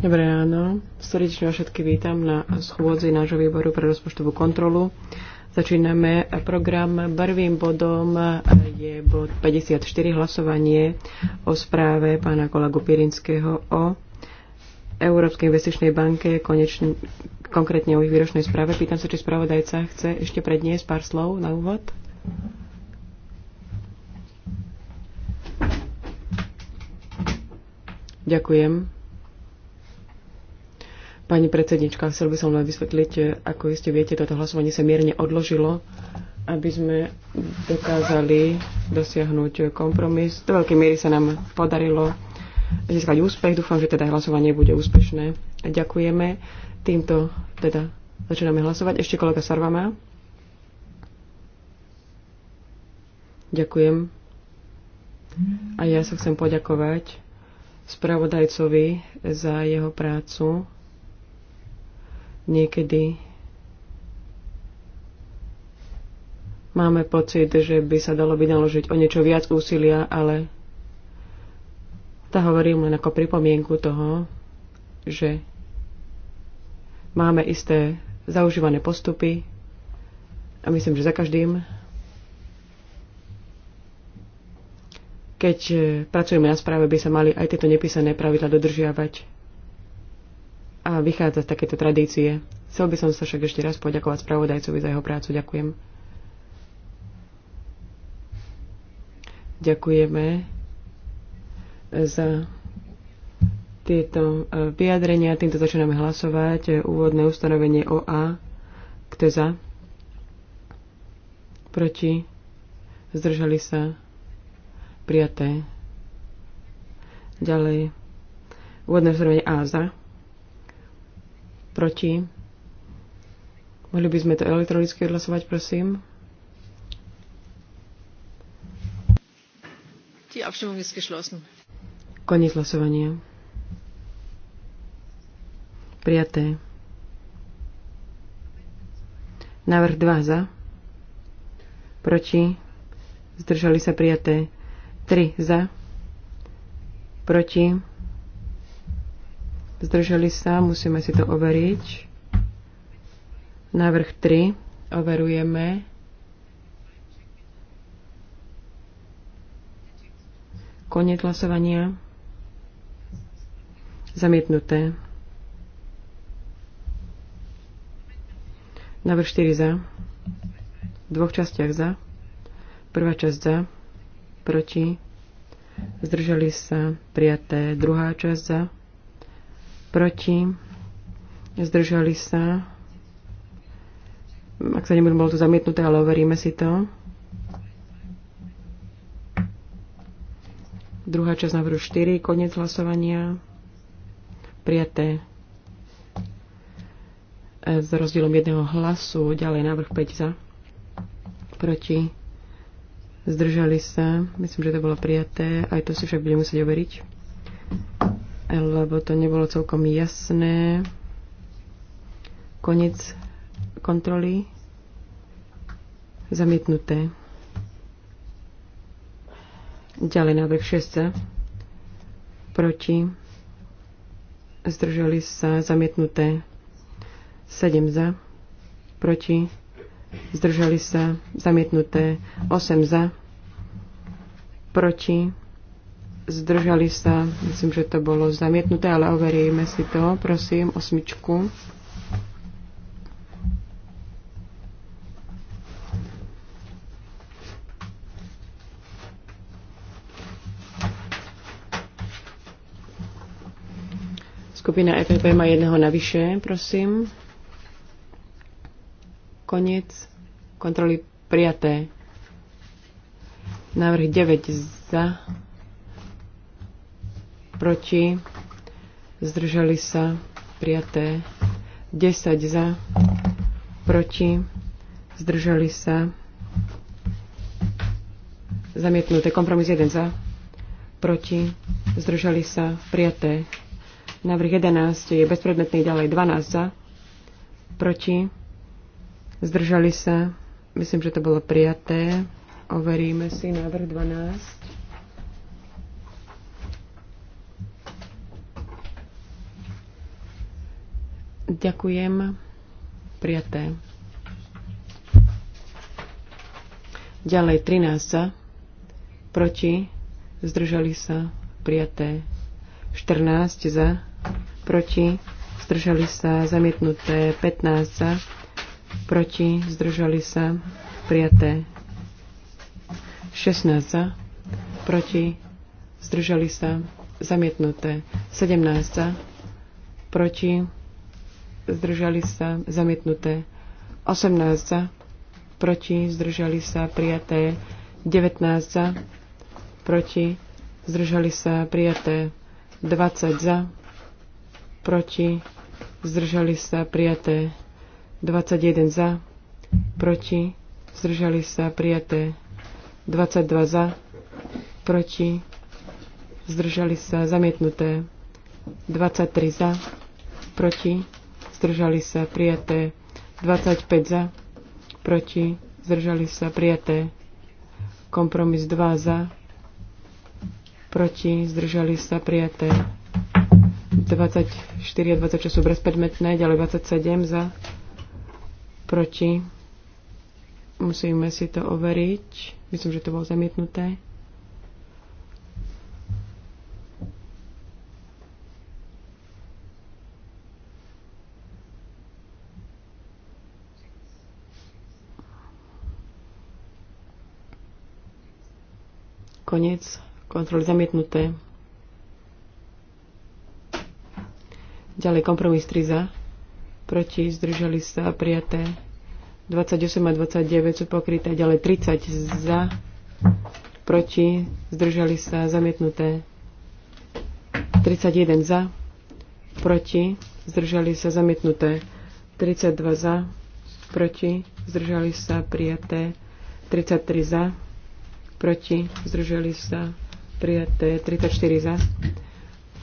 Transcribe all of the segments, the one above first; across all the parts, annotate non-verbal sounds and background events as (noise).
Dobré ráno. Srdečne všetky vítam na schôdzi nášho výboru pre rozpočtovú kontrolu. Začíname program. Prvým bodom je bod 54 hlasovanie o správe pána kolegu Pirinského o Európskej investičnej banke, konečne, konkrétne o ich výročnej správe. Pýtam sa, či spravodajca chce ešte predniesť pár slov na úvod. Ďakujem. Pani predsednička, chcel by som len vysvetliť, ako iste viete, toto hlasovanie sa mierne odložilo, aby sme dokázali dosiahnuť kompromis. Do veľkej miery sa nám podarilo získať úspech. Dúfam, že teda hlasovanie bude úspešné. Ďakujeme. Týmto teda začíname hlasovať. Ešte kolega Sarva má. Ďakujem. A ja sa chcem poďakovať spravodajcovi za jeho prácu. Niekedy máme pocit, že by sa dalo vynaložiť o niečo viac úsilia, ale tá hovorím len ako pripomienku toho, že máme isté zaužívané postupy a myslím, že za každým Keď e, pracujeme na správe, by sa mali aj tieto nepísané pravidla dodržiavať a vychádzať z takéto tradície. Chcel by som sa však ešte raz poďakovať spravodajcovi za jeho prácu. Ďakujem. Ďakujeme za tieto e, vyjadrenia. Týmto začíname hlasovať. E, úvodné ustanovenie OA. Kto je za? Proti? Zdržali sa? Prijaté. Ďalej. Úvodné vzrovenie A za. Proti. Mohli by sme to elektronicky odhlasovať, prosím. Die Abstimmung ist geschlossen. Koniec hlasovania. Prijaté. Návrh 2 za. Proti. Zdržali sa prijaté. 3 za, proti, zdržali sa, musíme si to overiť. Návrh 3 overujeme. Koniec hlasovania. Zamietnuté. Návrh 4 za. V dvoch častiach za. Prvá časť za proti, zdržali sa prijaté druhá časť za, proti, zdržali sa, ak sa nebudem, bolo to zamietnuté, ale overíme si to. Druhá časť návrhu 4, koniec hlasovania, prijaté e, s rozdielom jedného hlasu, ďalej návrh 5 za, proti, Zdržali sa. Myslím, že to bolo prijaté. Aj to si však budeme musieť overiť. Lebo to nebolo celkom jasné. Konec kontroly. Zamietnuté. Ďalej návrh 6. Proti. Zdržali sa. Zamietnuté. 7 za. Proti zdržali sa, zamietnuté 8 za, proti, zdržali sa, myslím, že to bolo zamietnuté, ale overíme si to, prosím, osmičku. Skupina EPP má jedného navyše, prosím. Koniec kontroly prijaté. Návrh 9 za, proti, zdržali sa, prijaté. 10 za, proti, zdržali sa, zamietnuté. Kompromis 1 za, proti, zdržali sa, prijaté. Návrh 11 je bezpredmetný ďalej 12 za, proti, zdržali sa, Myslím, že to bolo prijaté. Overíme si návrh 12. Ďakujem. Prijaté. Ďalej 13. Proti. Zdržali sa. Prijaté. 14 za. Proti. Zdržali sa. Zamietnuté. 15 za proti, zdržali sa, prijaté. 16 za, proti, zdržali sa, zamietnuté. 17 za, proti, zdržali sa, zamietnuté. 18 za, proti, zdržali sa, prijaté. 19 za, proti, zdržali sa, prijaté. 20 za, proti, zdržali sa, prijaté. 21 za, proti, zdržali sa prijaté 22 za, proti, zdržali sa zamietnuté 23 za, proti, zdržali sa prijaté 25 za, proti, zdržali sa prijaté kompromis 2 za, proti, zdržali sa prijaté 24 a 26 sú bezpredmetné, ďalej 27 za, proti. Musíme si to overiť. Myslím, že to bolo zamietnuté. Koniec. Kontroly zamietnuté. Ďalej kompromis 3 za proti, zdržali sa prijaté. 28 a 29 sú pokryté, ďalej 30 za, proti, zdržali sa zamietnuté. 31 za, proti, zdržali sa zamietnuté. 32 za, proti, zdržali sa prijaté. 33 za, proti, zdržali sa prijaté. 34 za,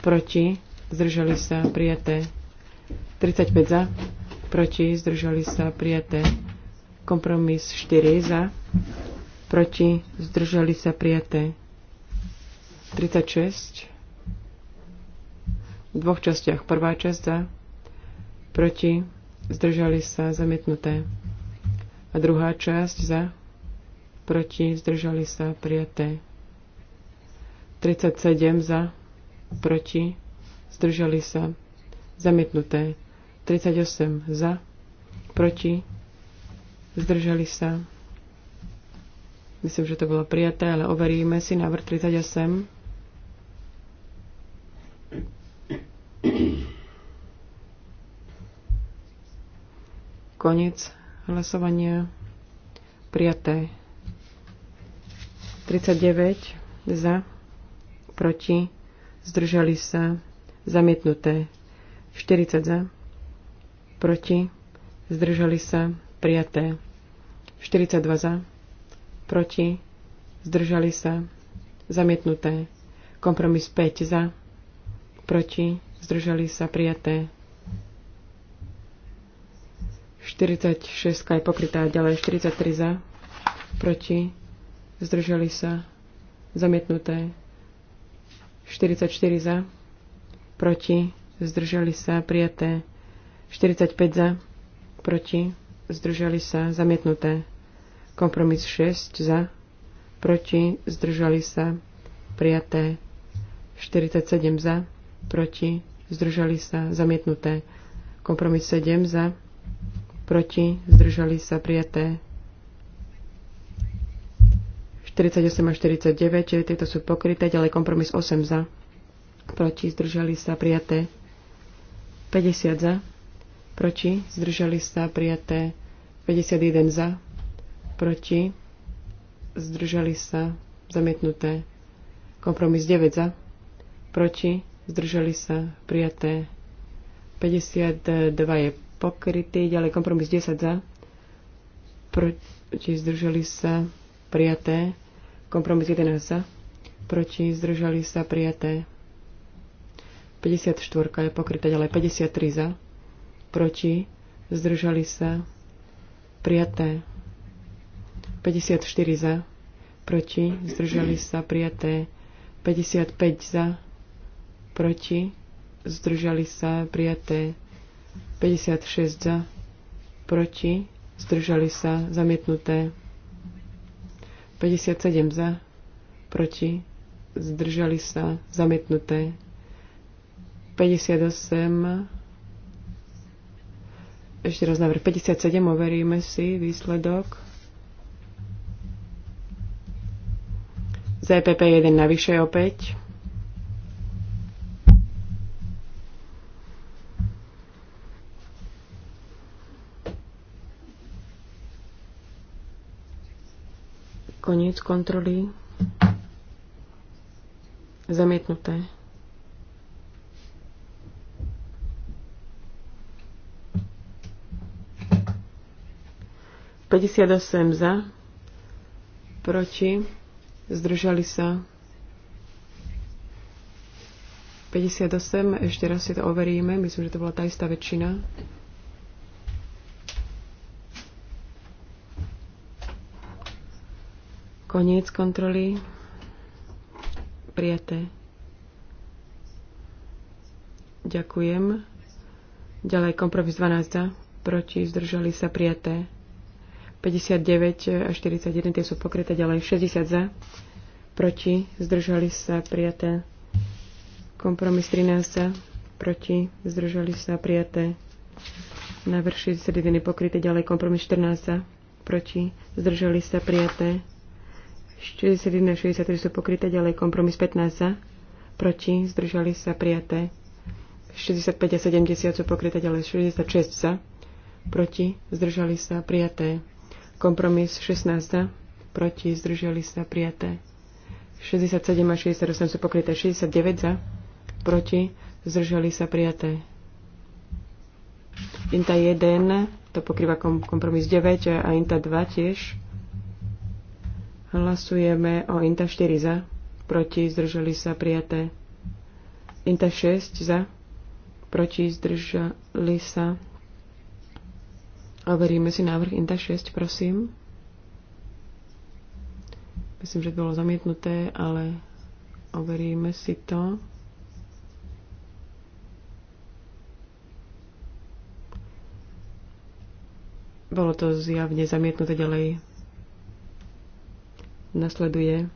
proti, zdržali sa prijaté. 35 za, proti, zdržali sa prijaté. Kompromis 4 za, proti, zdržali sa prijaté. 36 v dvoch častiach. Prvá časť za, proti, zdržali sa zamietnuté. A druhá časť za, proti, zdržali sa prijaté. 37 za, proti, zdržali sa zamietnuté. 38 za, proti, zdržali sa. Myslím, že to bolo prijaté, ale overíme si návrh 38. Koniec hlasovania. Prijaté. 39 za, proti, zdržali sa, zamietnuté. 40 za, proti, zdržali sa, prijaté. 42 za, proti, zdržali sa, zamietnuté. Kompromis 5 za, proti, zdržali sa, prijaté. 46 je pokrytá ďalej, 43 za, proti, zdržali sa, zamietnuté. 44 za, proti, zdržali sa, prijaté. 45 za, proti, zdržali sa, zamietnuté. Kompromis 6 za, proti, zdržali sa, prijaté. 47 za, proti, zdržali sa, zamietnuté. Kompromis 7 za, proti, zdržali sa, prijaté. 48 a 49, čiže tieto sú pokryté, ďalej kompromis 8 za, proti, zdržali sa, prijaté. 50 za, proti, zdržali sa prijaté 51 za, proti, zdržali sa zamietnuté kompromis 9 za, proti, zdržali sa prijaté 52 je pokrytý, ďalej kompromis 10 za, proti, zdržali sa prijaté kompromis 11 za, proti, zdržali sa prijaté 54 je pokrytá, ďalej 53 za, proti, zdržali sa, prijaté. 54 za, proti, zdržali sa, prijaté. 55 za, proti, zdržali sa, prijaté. 56 za, proti, zdržali sa, zamietnuté. 57 za, proti, zdržali sa, zamietnuté. 58 ešte raz návrh 57, overíme si výsledok. ZPP e 1 navyše opäť. Koniec kontroly. Zamietnuté. 58 za, proti, zdržali sa. 58, ešte raz si to overíme, myslím, že to bola tá istá väčšina. Koniec kontroly. Prijaté. Ďakujem. Ďalej kompromis 12 za, proti, zdržali sa prijaté. 59 a 41 tie sú pokryté ďalej. 60 za, proti, zdržali sa prijaté. Kompromis 13 za, proti, zdržali sa prijaté. Návrh 61 je pokryté ďalej. Kompromis 14 za, proti, zdržali sa prijaté. 61 a 63 sú pokryté ďalej. Kompromis 15 za, proti, zdržali sa prijaté. 65 a 70 sú pokryté ďalej. 66 za, proti, zdržali sa prijaté. Kompromis 16 za, proti, zdržali sa, prijaté. 67 a 68 sú pokryté. 69 za, proti, zdržali sa, prijaté. Inta 1, to pokrýva kompromis 9 a Inta 2 tiež. Hlasujeme o Inta 4 za, proti, zdržali sa, prijaté. Inta 6 za, proti, zdržali sa, Overíme si návrh INTA 6, prosím. Myslím, že bolo zamietnuté, ale overíme si to. Bolo to zjavne zamietnuté ďalej. Nasleduje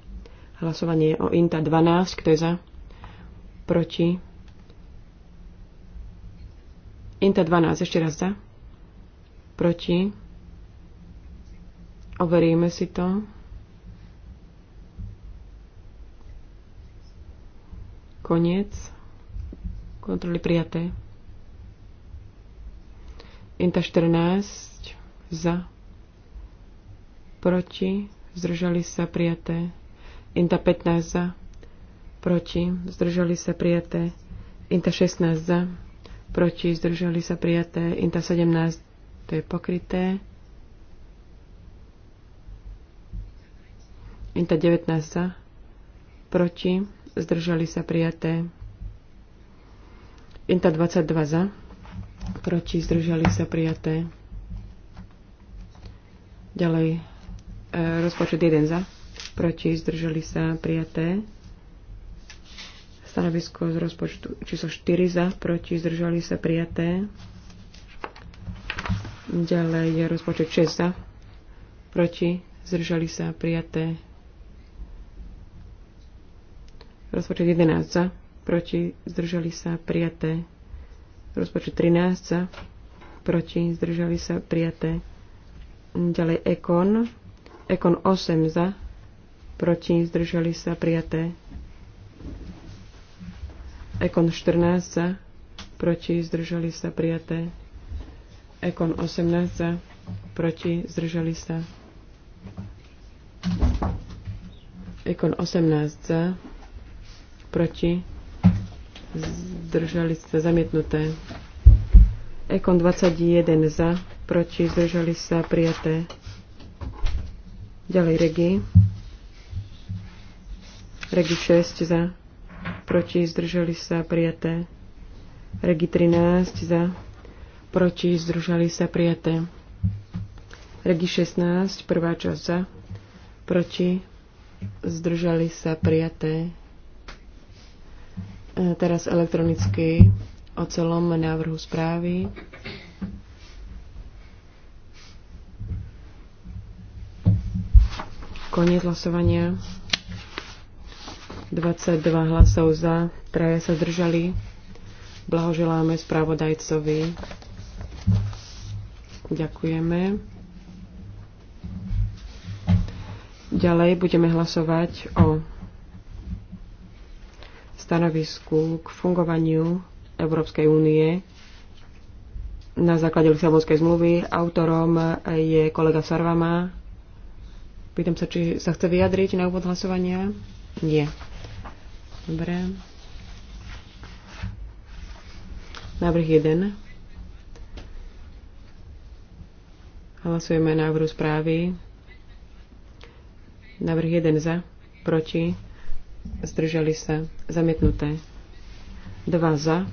hlasovanie o INTA 12, kto je za? Proti? INTA 12, ešte raz za proti. Overíme si to. Koniec. Kontroly prijaté. Inta 14 za. Proti. Zdržali sa prijaté. Inta 15 za. Proti. Zdržali sa prijaté. Inta 16 za. Proti. Zdržali sa prijaté. Inta 17 to je pokryté. Inta 19 Proti. Zdržali sa prijaté. Inta 22 za. Proti. Zdržali sa prijaté. Ďalej. E, rozpočet 1 za. Proti. Zdržali sa prijaté. Stanovisko z rozpočtu číslo 4 za. Proti. Zdržali sa prijaté. Ďalej je rozpočet 6 za, proti, zdržali sa prijaté. Rozpočet 11 za, proti, zdržali sa prijaté. Rozpočet 13 za, proti, zdržali sa prijaté. Ďalej Ekon, Ekon 8 za, proti, zdržali sa prijaté. Ekon 14 za, proti, zdržali sa prijaté. Ekon 18 za, proti, zdržali sa. Ekon 18 za, proti, zdržali sa, zamietnuté. Ekon 21 za, proti, zdržali sa, prijaté. Ďalej regi. Regi 6 za, proti, zdržali sa, prijaté. Regi 13 za, proti, zdržali sa prijaté. Regi 16, prvá časť za, proti, zdržali sa prijaté. E, teraz elektronicky o celom návrhu správy. Koniec hlasovania. 22 hlasov za, traja sa zdržali. Blahoželáme správodajcovi. Ďakujeme. Ďalej budeme hlasovať o stanovisku k fungovaniu Európskej únie na základe Lisabonskej zmluvy. Autorom je kolega Sarvama. Pýtam sa, či sa chce vyjadriť na úvod hlasovania. Nie. Dobre. Návrh 1. Hlasujeme návrhu správy. Návrh 1 za, proti, zdržali sa, zamietnuté. 2 za,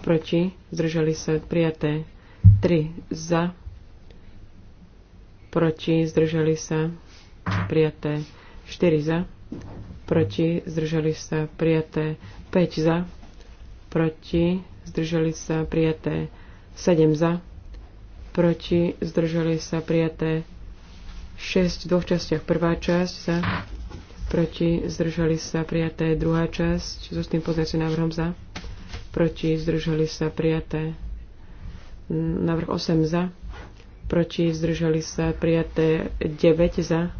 proti, zdržali sa, prijaté. 3 za, proti, zdržali sa, prijaté. 4 za, proti, zdržali sa, prijaté. 5 za, proti, zdržali sa, prijaté. 7 za, proti, zdržali sa prijaté 6 v dvoch častiach. Prvá časť za, proti, zdržali sa prijaté druhá časť so s tým poznacím návrhom za, proti, zdržali sa prijaté návrh 8 za, proti, zdržali sa prijaté 9 za,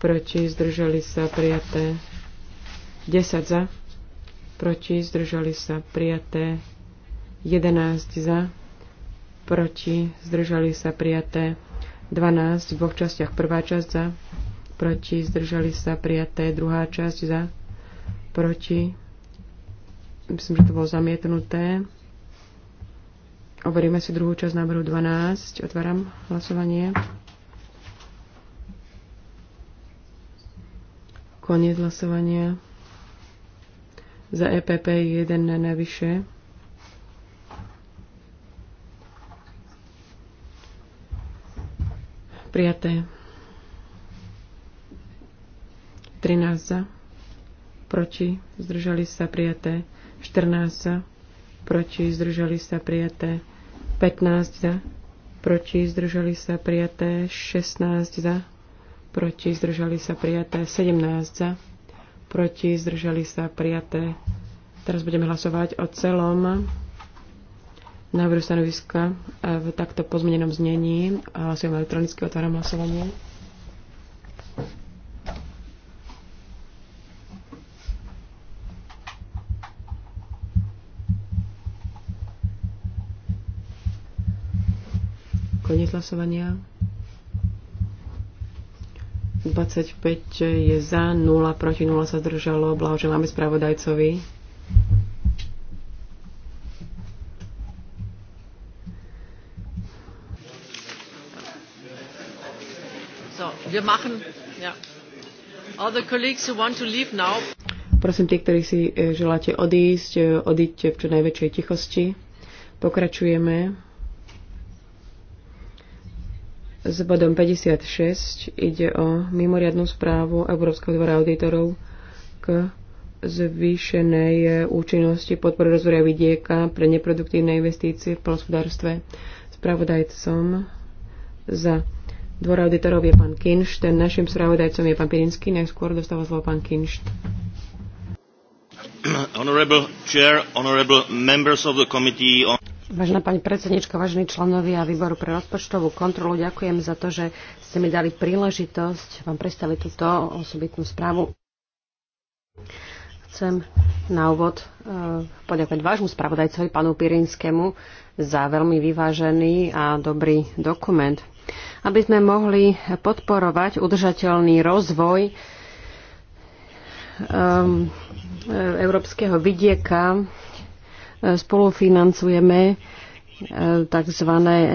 proti, zdržali sa prijaté 10 za, proti, zdržali sa prijaté 11 za, proti, zdržali sa prijaté 12 v dvoch častiach. Prvá časť za, proti, zdržali sa prijaté druhá časť za, proti, myslím, že to bolo zamietnuté. Overíme si druhú časť návrhu 12. Otváram hlasovanie. Koniec hlasovania. Za EPP 1 navyše. Prijaté. 13 za. Proti. Zdržali sa prijaté. 14 za. Proti. Zdržali sa prijaté. 15 za. Proti. Zdržali sa prijaté. 16 za. Proti. Zdržali sa prijaté. 17 za. Proti. Zdržali sa prijaté. Teraz budeme hlasovať o celom návrhu stanoviska v takto pozmenenom znení. Hlasujem elektronicky, otváram hlasovanie. Koniec hlasovania. 25 je za, 0 proti, 0 sa zdržalo. Blahoželáme spravodajcovi. Wir machen, ja. All the colleagues who want to leave now. Prosím, tí, ktorí si e, želáte odísť, e, odíďte v čo najväčšej tichosti. Pokračujeme s bodom 56. Ide o mimoriadnú správu Európskeho dvora auditorov k zvýšenej e, účinnosti podpory rozvoja vidieka pre neproduktívne investície v polospodárstve. Spravodajcom za dvora auditorov je pán Kinš, ten našim spravodajcom je pán Pirinsky, najskôr dostáva slovo pán Kinš. Honorable chair, honorable members of the committee on... Vážená pani predsednička, vážení členovia výboru pre rozpočtovú kontrolu, ďakujem za to, že ste mi dali príležitosť vám predstaviť túto osobitnú správu. Chcem na úvod e, poďakovať vášmu spravodajcovi, panu Pirinskému, za veľmi vyvážený a dobrý dokument aby sme mohli podporovať udržateľný rozvoj um, európskeho vidieka spolufinancujeme uh, tzv.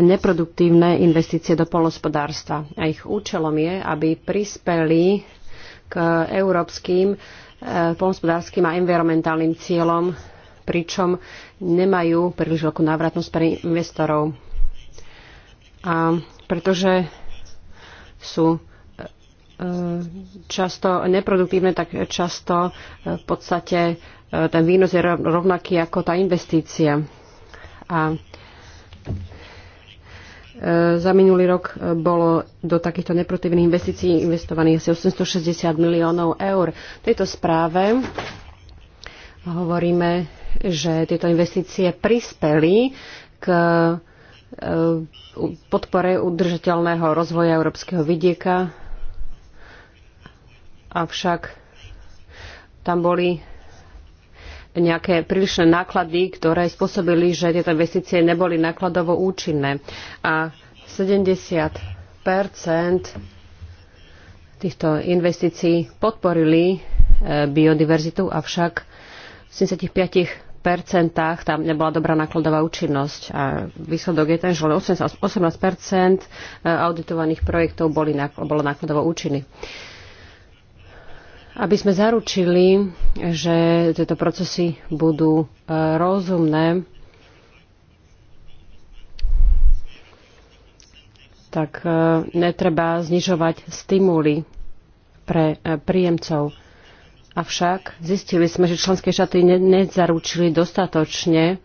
neproduktívne investície do polospodárstva. A ich účelom je, aby prispeli k európskym uh, polospodárským a environmentálnym cieľom, pričom nemajú príliš veľkú návratnosť pre investorov. A pretože sú e, e, často neproduktívne, tak často e, v podstate ten výnos je rovnaký ako tá investícia. A za minulý rok bolo do takýchto neproduktívnych investícií investovaných asi 860 miliónov eur. V tejto správe hovoríme, že tieto investície prispeli k Eh, podpore udržateľného rozvoja európskeho vidieka. Avšak tam boli nejaké prílišné náklady, ktoré spôsobili, že tieto investície neboli nákladovo účinné. A 70 týchto investícií podporili eh, biodiverzitu, avšak v 75 tam nebola dobrá nákladová účinnosť. A výsledok je ten, že len 18 e, auditovaných projektov boli, bolo nákladovo účinný. aby sme zaručili, že tieto procesy budú e, rozumné, tak e, netreba znižovať stimuly pre príjemcov. Avšak zistili sme, že členské štáty ne- nezaručili dostatočne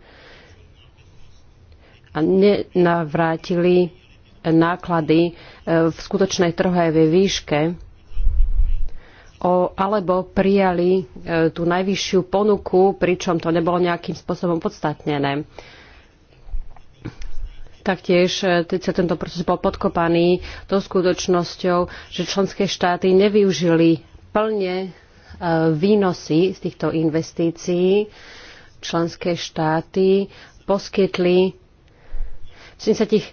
a nenavrátili náklady e, v skutočnej trhovej výške, alebo prijali e, tú najvyššiu ponuku, pričom to nebolo nejakým spôsobom podstatnené. Taktiež e, sa tento proces bol podkopaný tou skutočnosťou, že členské štáty nevyužili plne Eh, výnosy z týchto investícií členské štáty poskytli v 75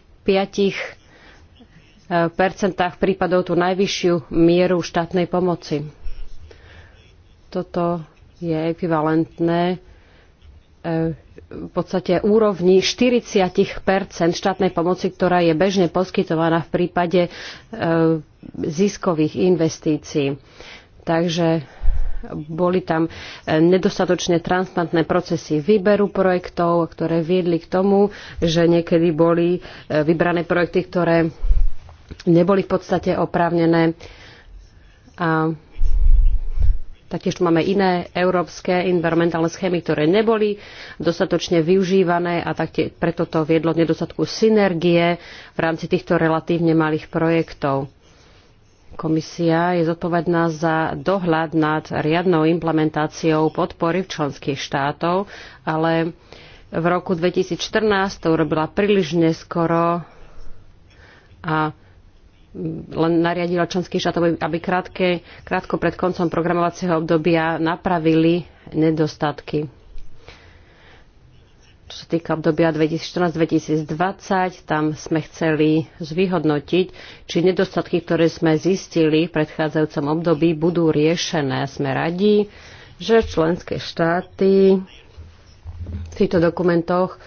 percentách prípadov tú najvyššiu mieru štátnej pomoci. Toto je ekvivalentné eh, v podstate úrovni 40 štátnej pomoci, ktorá je bežne poskytovaná v prípade eh, ziskových investícií. Takže boli tam e, nedostatočne transparentné procesy výberu projektov, ktoré viedli k tomu, že niekedy boli e, vybrané projekty, ktoré neboli v podstate oprávnené. A Taktiež tu máme iné európske environmentálne schémy, ktoré neboli dostatočne využívané a taktie preto to viedlo k nedostatku synergie v rámci týchto relatívne malých projektov. Komisia je zodpovedná za dohľad nad riadnou implementáciou podpory v členských štátov, ale v roku 2014 to urobila príliš neskoro a len nariadila členských štátov, aby krátke, krátko pred koncom programovacieho obdobia napravili nedostatky čo sa týka obdobia 2014-2020, tam sme chceli zvyhodnotiť, či nedostatky, ktoré sme zistili v predchádzajúcom období, budú riešené. Sme radi, že členské štáty v týchto dokumentoch e,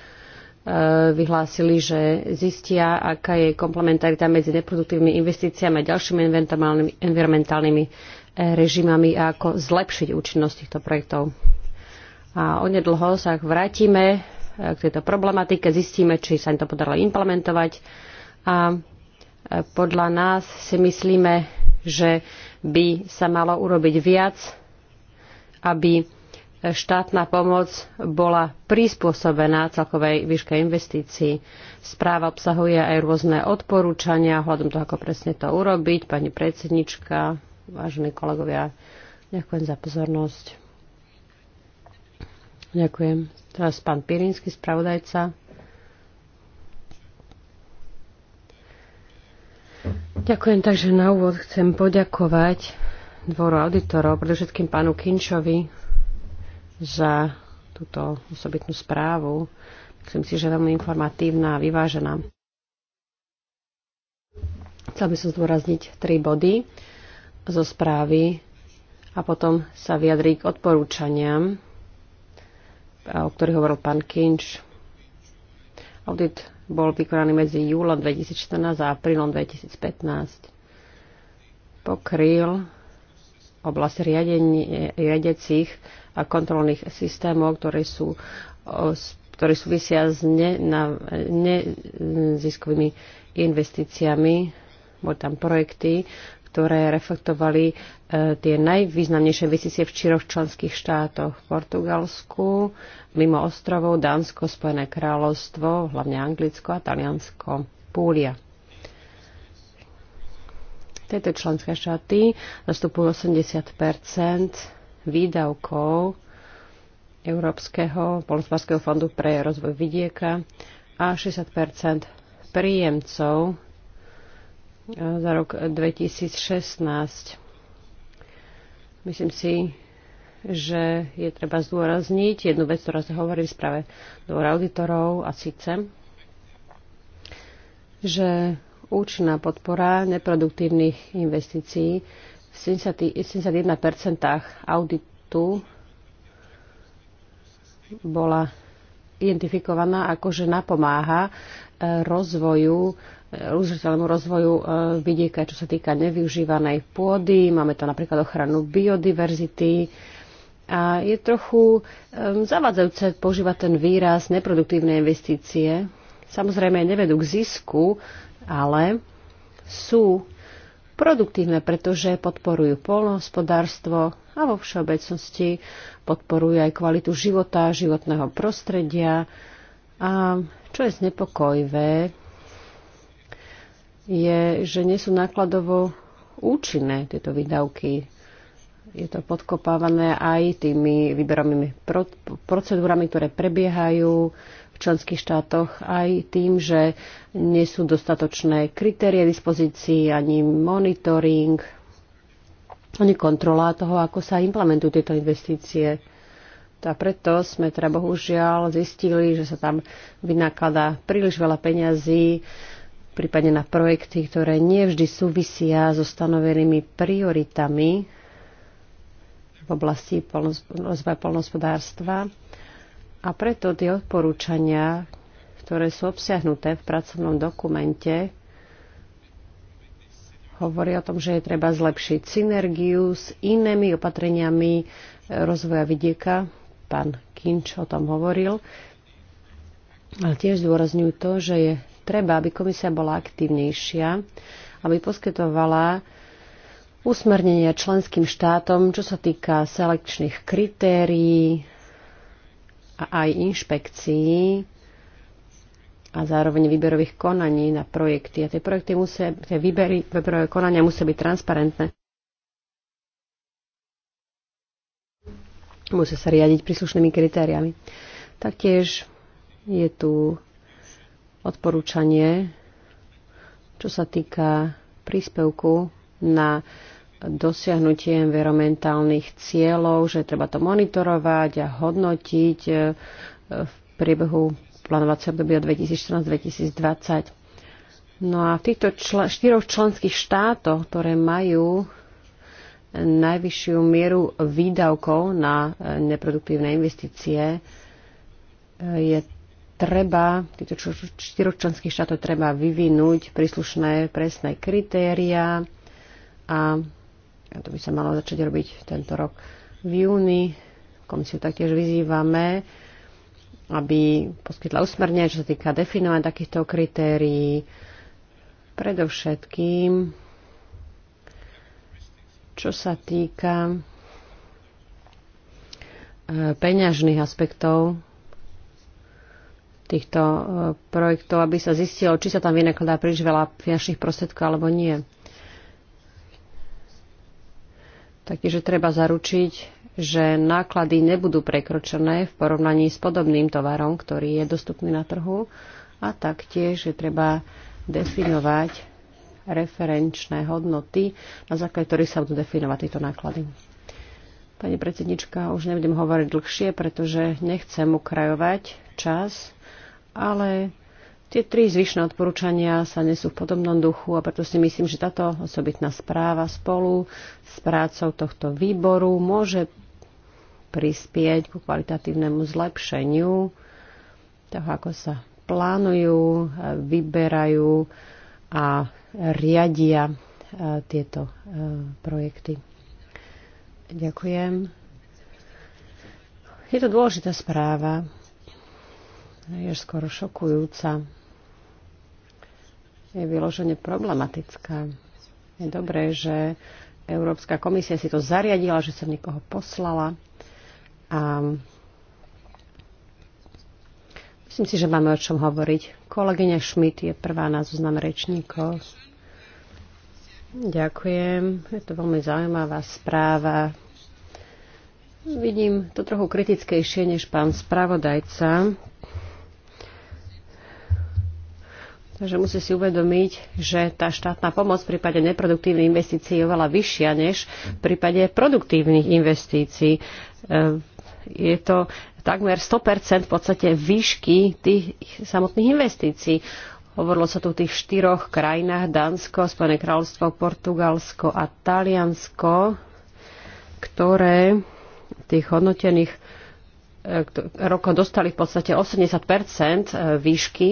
vyhlásili, že zistia, aká je komplementarita medzi neproduktívnymi investíciami a ďalšími environmentálnymi e, režimami a ako zlepšiť účinnosť týchto projektov. A onedlho sa vrátime k tejto problematike, zistíme, či sa im to podarilo implementovať. A e, podľa nás si myslíme, že by sa malo urobiť viac, aby štátna pomoc bola prispôsobená celkovej výške investícií. Správa obsahuje aj rôzne odporúčania hľadom toho, ako presne to urobiť. Pani predsednička, vážení kolegovia, ďakujem za pozornosť. Ďakujem. Teraz pán Pirinský, spravodajca. Ďakujem, takže na úvod chcem poďakovať dvoru auditorov, predovšetkým pánu Kinčovi za túto osobitnú správu. Myslím si, že je veľmi informatívna a vyvážená. Chcel by som zdôrazniť tri body zo správy a potom sa vyjadriť k odporúčaniam, o ktorých hovoril pán Kinč. Audit bol vykonaný medzi júlom 2014 a aprílom 2015. Pokryl oblasť riadecích a kontrolných systémov, ktoré sú ktoré súvisia s neziskovými investíciami. Boli tam projekty, ktoré reflektovali e, tie najvýznamnejšie vesície v čiroch členských štátoch. V Portugalsku, mimo ostrovov, Dánsko, Spojené kráľovstvo, hlavne Anglicko a Taliansko, Púlia. Tieto členské štáty zastupujú 80 výdavkov Európskeho polospárskeho fondu pre rozvoj vidieka a 60 príjemcov za rok 2016. Myslím si, že je treba zdôrazniť jednu vec, ktorá sa hovorí v správe dvora auditorov a síce, že účinná podpora neproduktívnych investícií v 71% auditu bola identifikovaná ako, že napomáha eh, rozvoju udržateľnému rozvoju e, vidieka, čo sa týka nevyužívanej pôdy. Máme tam napríklad ochranu biodiverzity. A je trochu zavadzajúce používať ten výraz neproduktívne investície. Samozrejme, nevedú k zisku, ale sú produktívne, pretože podporujú polnohospodárstvo a vo všeobecnosti podporujú aj kvalitu života, životného prostredia. A čo je znepokojivé, je, že nie sú nákladovo účinné tieto výdavky. Je to podkopávané aj tými výberovými procedúrami, ktoré prebiehajú v členských štátoch, aj tým, že nie sú dostatočné kritérie dispozícii, ani monitoring, ani kontrola toho, ako sa implementujú tieto investície. A preto sme teda bohužiaľ zistili, že sa tam vynakladá príliš veľa peňazí prípadne na projekty, ktoré nie vždy súvisia so stanovenými prioritami v oblasti rozvoja polnospodárstva. A preto tie odporúčania, ktoré sú obsiahnuté v pracovnom dokumente, hovorí o tom, že je treba zlepšiť synergiu s inými opatreniami rozvoja vidieka. Pán Kinč o tom hovoril. Ale tiež zdôrazňujú to, že je treba, aby komisia bola aktívnejšia, aby poskytovala usmernenia členským štátom, čo sa týka selekčných kritérií a aj inšpekcií a zároveň výberových konaní na projekty. A tie projekty musia, tie výbery, výberové konania musia byť transparentné. Musia sa riadiť príslušnými kritériami. Taktiež je tu odporúčanie, čo sa týka príspevku na dosiahnutie environmentálnych cieľov, že treba to monitorovať a hodnotiť e, v priebehu plánovacieho obdobia 2014-2020. No a v týchto čl- štyroch členských štátoch, ktoré majú najvyššiu mieru výdavkov na e, neproduktívne investície, e, je treba, týchto štyroch členských štátov treba vyvinúť príslušné presné kritéria a to by sa malo začať robiť tento rok v júni. Komisiu taktiež vyzývame, aby poskytla usmernenie, čo sa týka definovania takýchto kritérií. Predovšetkým, čo sa týka e, peňažných aspektov týchto e, projektov, aby sa zistilo, či sa tam vynakladá príliš veľa finančných prostriedkov alebo nie. Takže treba zaručiť, že náklady nebudú prekročené v porovnaní s podobným tovarom, ktorý je dostupný na trhu a taktiež je treba definovať referenčné hodnoty, na základe ktorých sa budú definovať tieto náklady. Pani predsednička, už nebudem hovoriť dlhšie, pretože nechcem ukrajovať čas ale tie tri zvyšné odporúčania sa nesú v podobnom duchu a preto si myslím, že táto osobitná správa spolu s prácou tohto výboru môže prispieť ku kvalitatívnemu zlepšeniu toho, ako sa plánujú, vyberajú a riadia e, tieto e, projekty. Ďakujem. Je to dôležitá správa, je skoro šokujúca. Je vyložene problematická. Je dobré, že Európska komisia si to zariadila, že som niekoho poslala. A myslím si, že máme o čom hovoriť. Kolegyňa Schmidt je prvá na zoznam rečníkov. Ďakujem. Je to veľmi zaujímavá správa. Vidím to trochu kritickejšie než pán spravodajca. Takže musí si uvedomiť, že tá štátna pomoc v prípade neproduktívnych investícií je oveľa vyššia než v prípade produktívnych investícií. Ehm, je to takmer 100% v podstate výšky tých samotných investícií. Hovorilo sa tu o tých štyroch krajinách, Dánsko, Spojené kráľovstvo, Portugalsko a Taliansko, ktoré tých hodnotených e, rokov dostali v podstate 80 e, výšky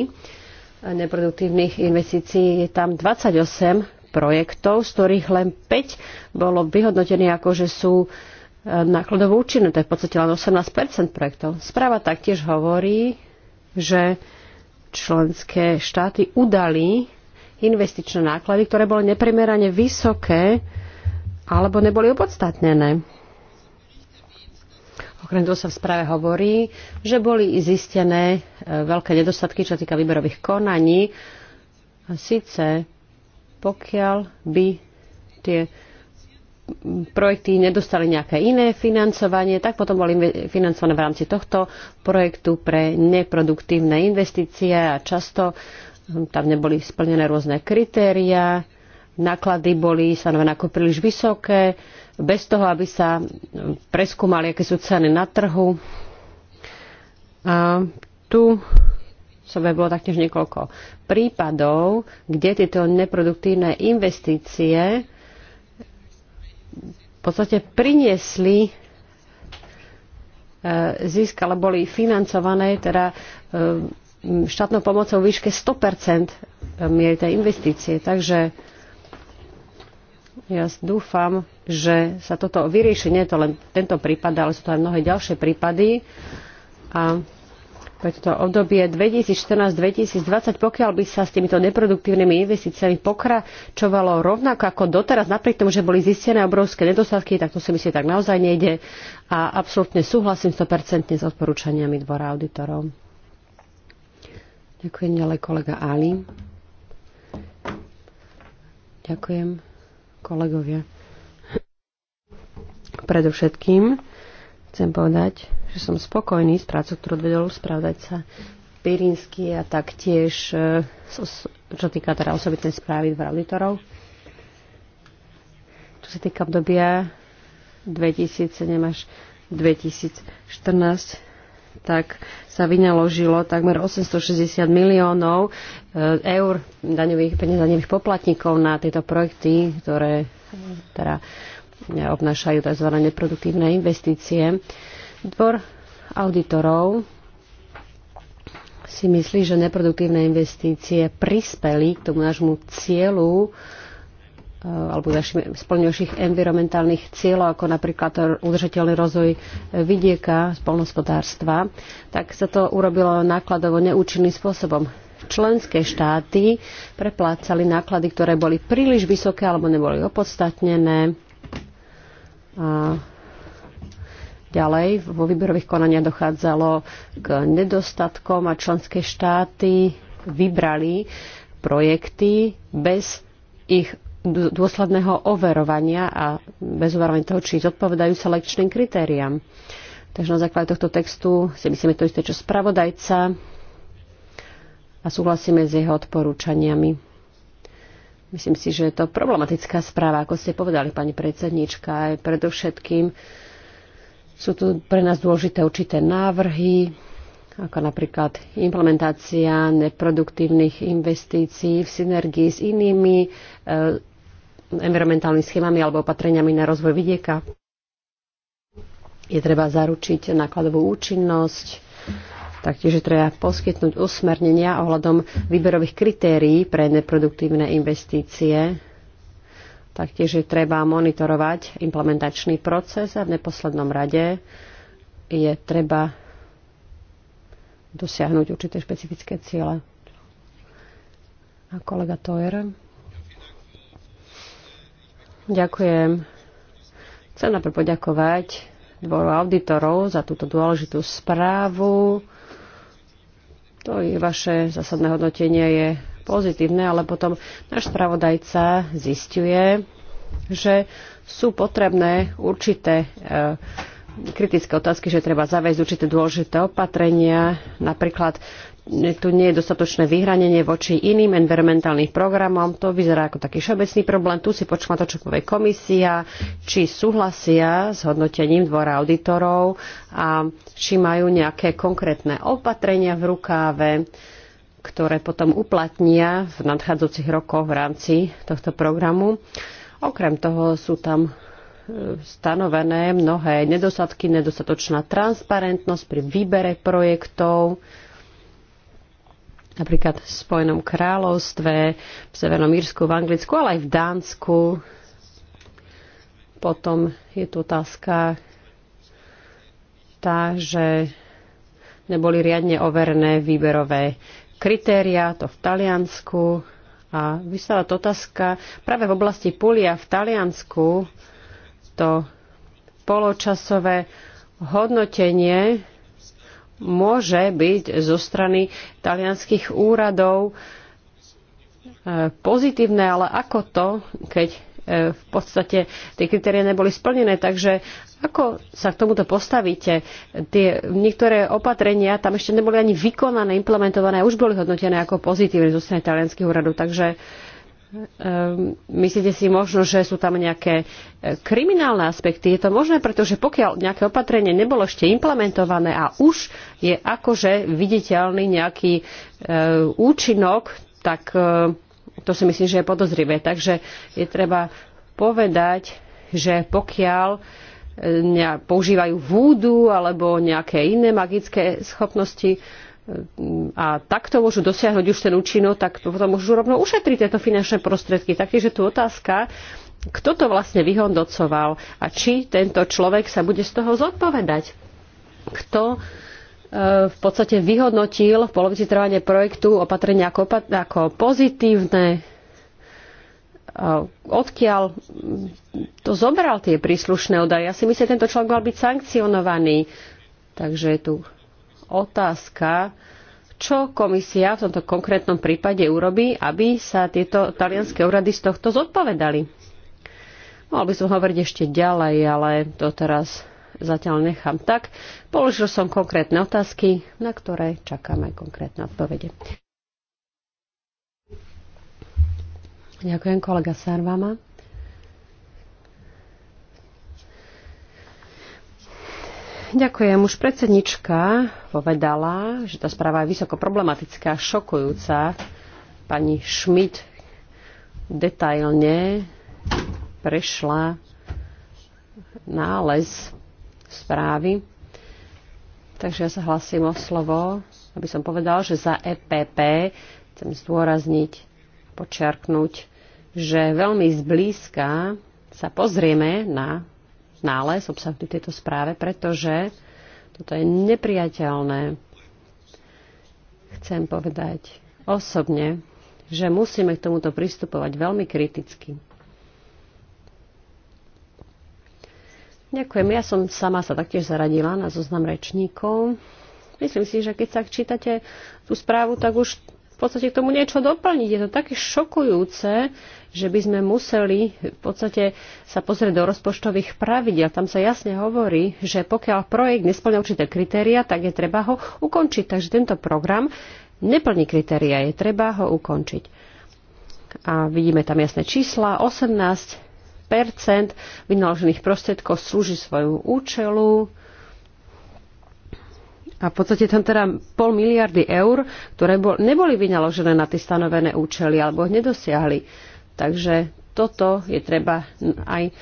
neproduktívnych investícií je tam 28 projektov, z ktorých len 5 bolo vyhodnotené ako, že sú e, nákladovo účinné. To je v podstate len 18 projektov. Správa taktiež hovorí, že členské štáty udali investičné náklady, ktoré boli neprimerane vysoké alebo neboli opodstatnené. Okrem toho sa v správe hovorí, že boli zistené e, veľké nedostatky, čo týka výberových konaní. A síce, pokiaľ by tie projekty nedostali nejaké iné financovanie, tak potom boli financované v rámci tohto projektu pre neproduktívne investície a často hm, tam neboli splnené rôzne kritéria, náklady boli stanovené ako príliš vysoké, bez toho, aby sa preskúmali, aké sú ceny na trhu. A tu sobe bolo taktiež niekoľko prípadov, kde tieto neproduktívne investície v podstate priniesli e, zisk, ale boli financované teda e, štátnou pomocou výške 100% miery tej investície. Takže ja dúfam, že sa toto vyrieši. Nie je to len tento prípad, ale sú to aj mnohé ďalšie prípady. A pre toto obdobie 2014-2020, pokiaľ by sa s týmito neproduktívnymi investíciami pokračovalo rovnako ako doteraz, napriek tomu, že boli zistené obrovské nedostatky, tak to si myslím, že tak naozaj nejde. A absolútne súhlasím 100% s odporúčaniami dvora auditorov. Ďakujem ďalej kolega Ali. Ďakujem kolegovia. Predovšetkým chcem povedať, že som spokojný s prácou, ktorú odvedol sa Pirinsky a taktiež, e, čo týka teda osobitnej správy dvora auditorov. Čo sa týka obdobia 2007 až 2014, tak sa vynaložilo takmer 860 miliónov eh, eur daňových, daňových poplatníkov na tieto projekty, ktoré teda eh, obnášajú tzv. neproduktívne investície. Dvor auditorov si myslí, že neproduktívne investície prispeli k tomu nášmu cieľu Eh, alebo našich splňujúcich environmentálnych cieľov, ako napríklad udržateľný rozvoj vidieka, spolnospodárstva, tak sa to urobilo nákladovo neúčinným spôsobom. Členské štáty preplácali náklady, ktoré boli príliš vysoké alebo neboli opodstatnené. A ďalej vo výberových konaniach dochádzalo k nedostatkom a členské štáty vybrali projekty bez ich dôsledného overovania a bez overovania toho, či zodpovedajú selekčným kritériám. Takže na základe tohto textu si myslíme to isté, čo spravodajca a súhlasíme s jeho odporúčaniami. Myslím si, že je to problematická správa, ako ste povedali, pani predsednička, aj predovšetkým sú tu pre nás dôležité určité návrhy, ako napríklad implementácia neproduktívnych investícií v synergii s inými e, environmentálnymi schémami alebo opatreniami na rozvoj vidieka. Je treba zaručiť nákladovú účinnosť, taktiež je treba poskytnúť usmernenia ohľadom výberových kritérií pre neproduktívne investície. Taktiež je treba monitorovať implementačný proces a v neposlednom rade je treba dosiahnuť určité špecifické ciele. A kolega Toer. Ďakujem. Chcem najprv poďakovať dvoru auditorov za túto dôležitú správu. To je vaše zásadné hodnotenie je pozitívne, ale potom náš spravodajca zistuje, že sú potrebné určité e, kritické otázky, že treba zaviesť určité dôležité opatrenia, napríklad e, tu nie je dostatočné vyhranenie voči iným environmentálnym programom. To vyzerá ako taký všeobecný problém. Tu si počúva to, čo povie komisia, či súhlasia s hodnotením dvora auditorov a či majú nejaké konkrétne opatrenia v rukáve, ktoré potom uplatnia v nadchádzajúcich rokoch v rámci tohto programu. Okrem toho sú tam stanovené mnohé nedostatky, nedostatočná transparentnosť pri výbere projektov, napríklad v Spojenom kráľovstve, v Severnom Írsku, v Anglicku, ale aj v Dánsku. Potom je tu otázka tá, že neboli riadne overené výberové kritéria, to v Taliansku. A vystáva to otázka práve v oblasti Pulia v Taliansku, to poločasové hodnotenie môže byť zo strany talianských úradov e, pozitívne, ale ako to, keď e, v podstate tie kritérie neboli splnené. Takže ako sa k tomuto postavíte? Tie niektoré opatrenia tam ešte neboli ani vykonané, implementované, už boli hodnotené ako pozitívne zo strany talianských úradov. Takže Ehm, myslíte si možno, že sú tam nejaké e, kriminálne aspekty? Je to možné, pretože pokiaľ nejaké opatrenie nebolo ešte implementované a už je akože viditeľný nejaký e, účinok, tak e, to si myslím, že je podozrivé. Takže je treba povedať, že pokiaľ používajú vúdu alebo nejaké iné magické schopnosti, a takto môžu dosiahnuť už ten účinok, tak potom môžu rovno ušetriť tieto finančné prostriedky. Takže je tu otázka, kto to vlastne vyhodnocoval a či tento človek sa bude z toho zodpovedať. Kto e, v podstate vyhodnotil v polovici trvania projektu opatrenia ako, ako pozitívne, e, odkiaľ to zobral tie príslušné údaje. Ja si myslím, že tento človek mal byť sankcionovaný. Takže je tu otázka, čo komisia v tomto konkrétnom prípade urobí, aby sa tieto talianské úrady z tohto zodpovedali. Mohol by som hovoriť ešte ďalej, ale to teraz zatiaľ nechám tak. Položil som konkrétne otázky, na ktoré aj konkrétne odpovede. Ďakujem, kolega Sarvama. Ďakujem. Už predsednička povedala, že tá správa je vysoko problematická, šokujúca. Pani Schmidt detailne prešla nález správy. Takže ja sa hlasím o slovo, aby som povedal, že za EPP chcem zdôrazniť, počiarknúť, že veľmi zblízka sa pozrieme na nález obsahnutý v tejto správe, pretože toto je nepriateľné. Chcem povedať osobne, že musíme k tomuto pristupovať veľmi kriticky. Ďakujem. Ja som sama sa taktiež zaradila na zoznam rečníkov. Myslím si, že keď sa čítate tú správu, tak už v podstate k tomu niečo doplniť. Je to také šokujúce, že by sme museli v podstate sa pozrieť do rozpočtových pravidel. Tam sa jasne hovorí, že pokiaľ projekt nesplňa určité kritéria, tak je treba ho ukončiť. Takže tento program neplní kritéria, je treba ho ukončiť. A vidíme tam jasné čísla, 18 vynaložených prostriedkov slúži svoju účelu, a v podstate tam teda pol miliardy eur, ktoré bol, neboli vynaložené na tie stanovené účely alebo ich nedosiahli. Takže toto je treba aj e,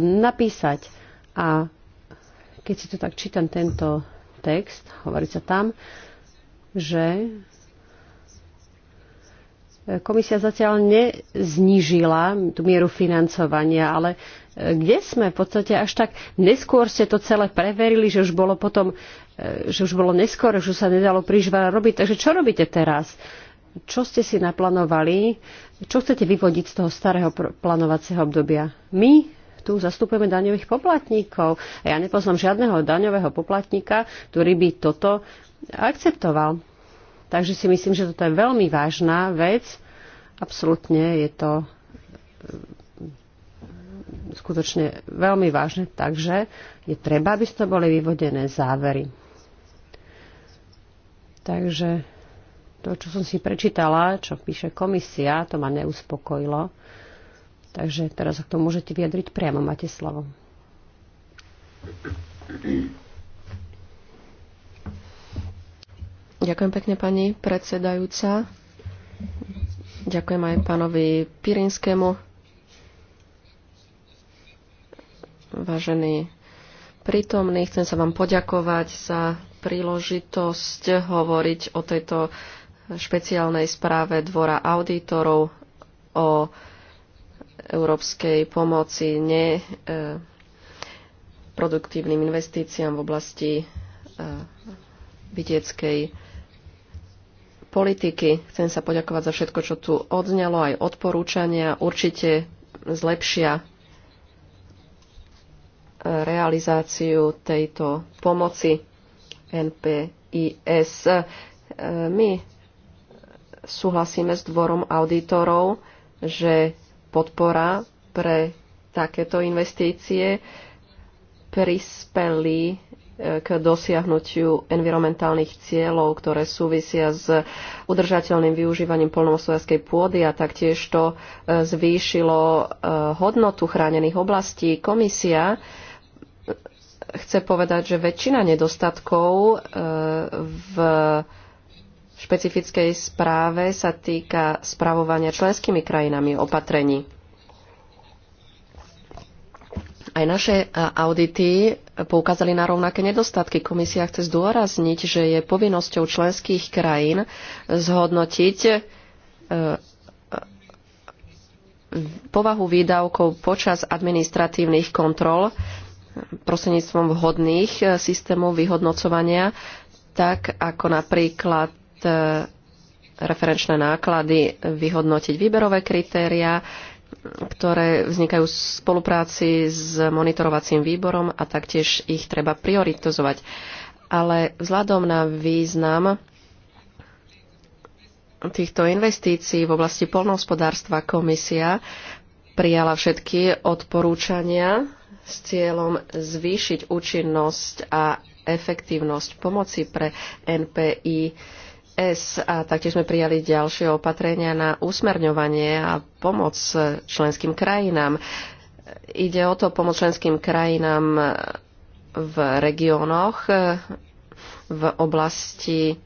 napísať. A keď si to tak čítam, tento text, hovorí sa tam, že komisia zatiaľ neznížila tú mieru financovania, ale e, kde sme v podstate až tak neskôr ste to celé preverili, že už bolo potom E, že už bolo neskoro, že sa nedalo príliš veľa robiť. Takže čo robíte teraz? Čo ste si naplánovali? Čo chcete vyvodiť z toho starého plánovacieho obdobia? My tu zastupujeme daňových poplatníkov. A ja nepoznám žiadneho daňového poplatníka, ktorý by toto akceptoval. Takže si myslím, že toto je veľmi vážna vec. Absolutne je to e, skutočne veľmi vážne, takže je treba, aby z toho boli vyvodené závery. Takže to, čo som si prečítala, čo píše komisia, to ma neuspokojilo. Takže teraz, ak to môžete vyjadriť priamo, máte slovo. Ďakujem pekne, pani predsedajúca. Ďakujem aj pánovi Pirinskému. Vážený prítomný, chcem sa vám poďakovať za príležitosť hovoriť o tejto špeciálnej správe Dvora auditorov o európskej pomoci neproduktívnym e, investíciám v oblasti e, vidieckej politiky. Chcem sa poďakovať za všetko, čo tu odznelo, aj odporúčania. Určite zlepšia e, realizáciu tejto pomoci. NPIS. E, my súhlasíme s dvorom auditorov, že podpora pre takéto investície prispeli e, k dosiahnutiu environmentálnych cieľov, ktoré súvisia s udržateľným využívaním polnohospodárskej pôdy a taktiež to e, zvýšilo hodnotu chránených oblastí. Komisia chce povedať, že väčšina nedostatkov e, v špecifickej správe sa týka spravovania členskými krajinami opatrení. Aj naše e, audity poukázali na rovnaké nedostatky. Komisia chce zdôrazniť, že je povinnosťou členských krajín zhodnotiť e, povahu výdavkov počas administratívnych kontrol prostredníctvom vhodných e, systémov vyhodnocovania, tak ako napríklad e, referenčné náklady, vyhodnotiť výberové kritéria, ktoré vznikajú v spolupráci s monitorovacím výborom a taktiež ich treba prioritizovať. Ale vzhľadom na význam týchto investícií v oblasti polnohospodárstva komisia prijala všetky odporúčania s cieľom zvýšiť účinnosť a efektívnosť pomoci pre NPI. S a taktiež sme prijali ďalšie opatrenia na usmerňovanie a pomoc členským krajinám. Ide o to pomoc členským krajinám v regiónoch v oblasti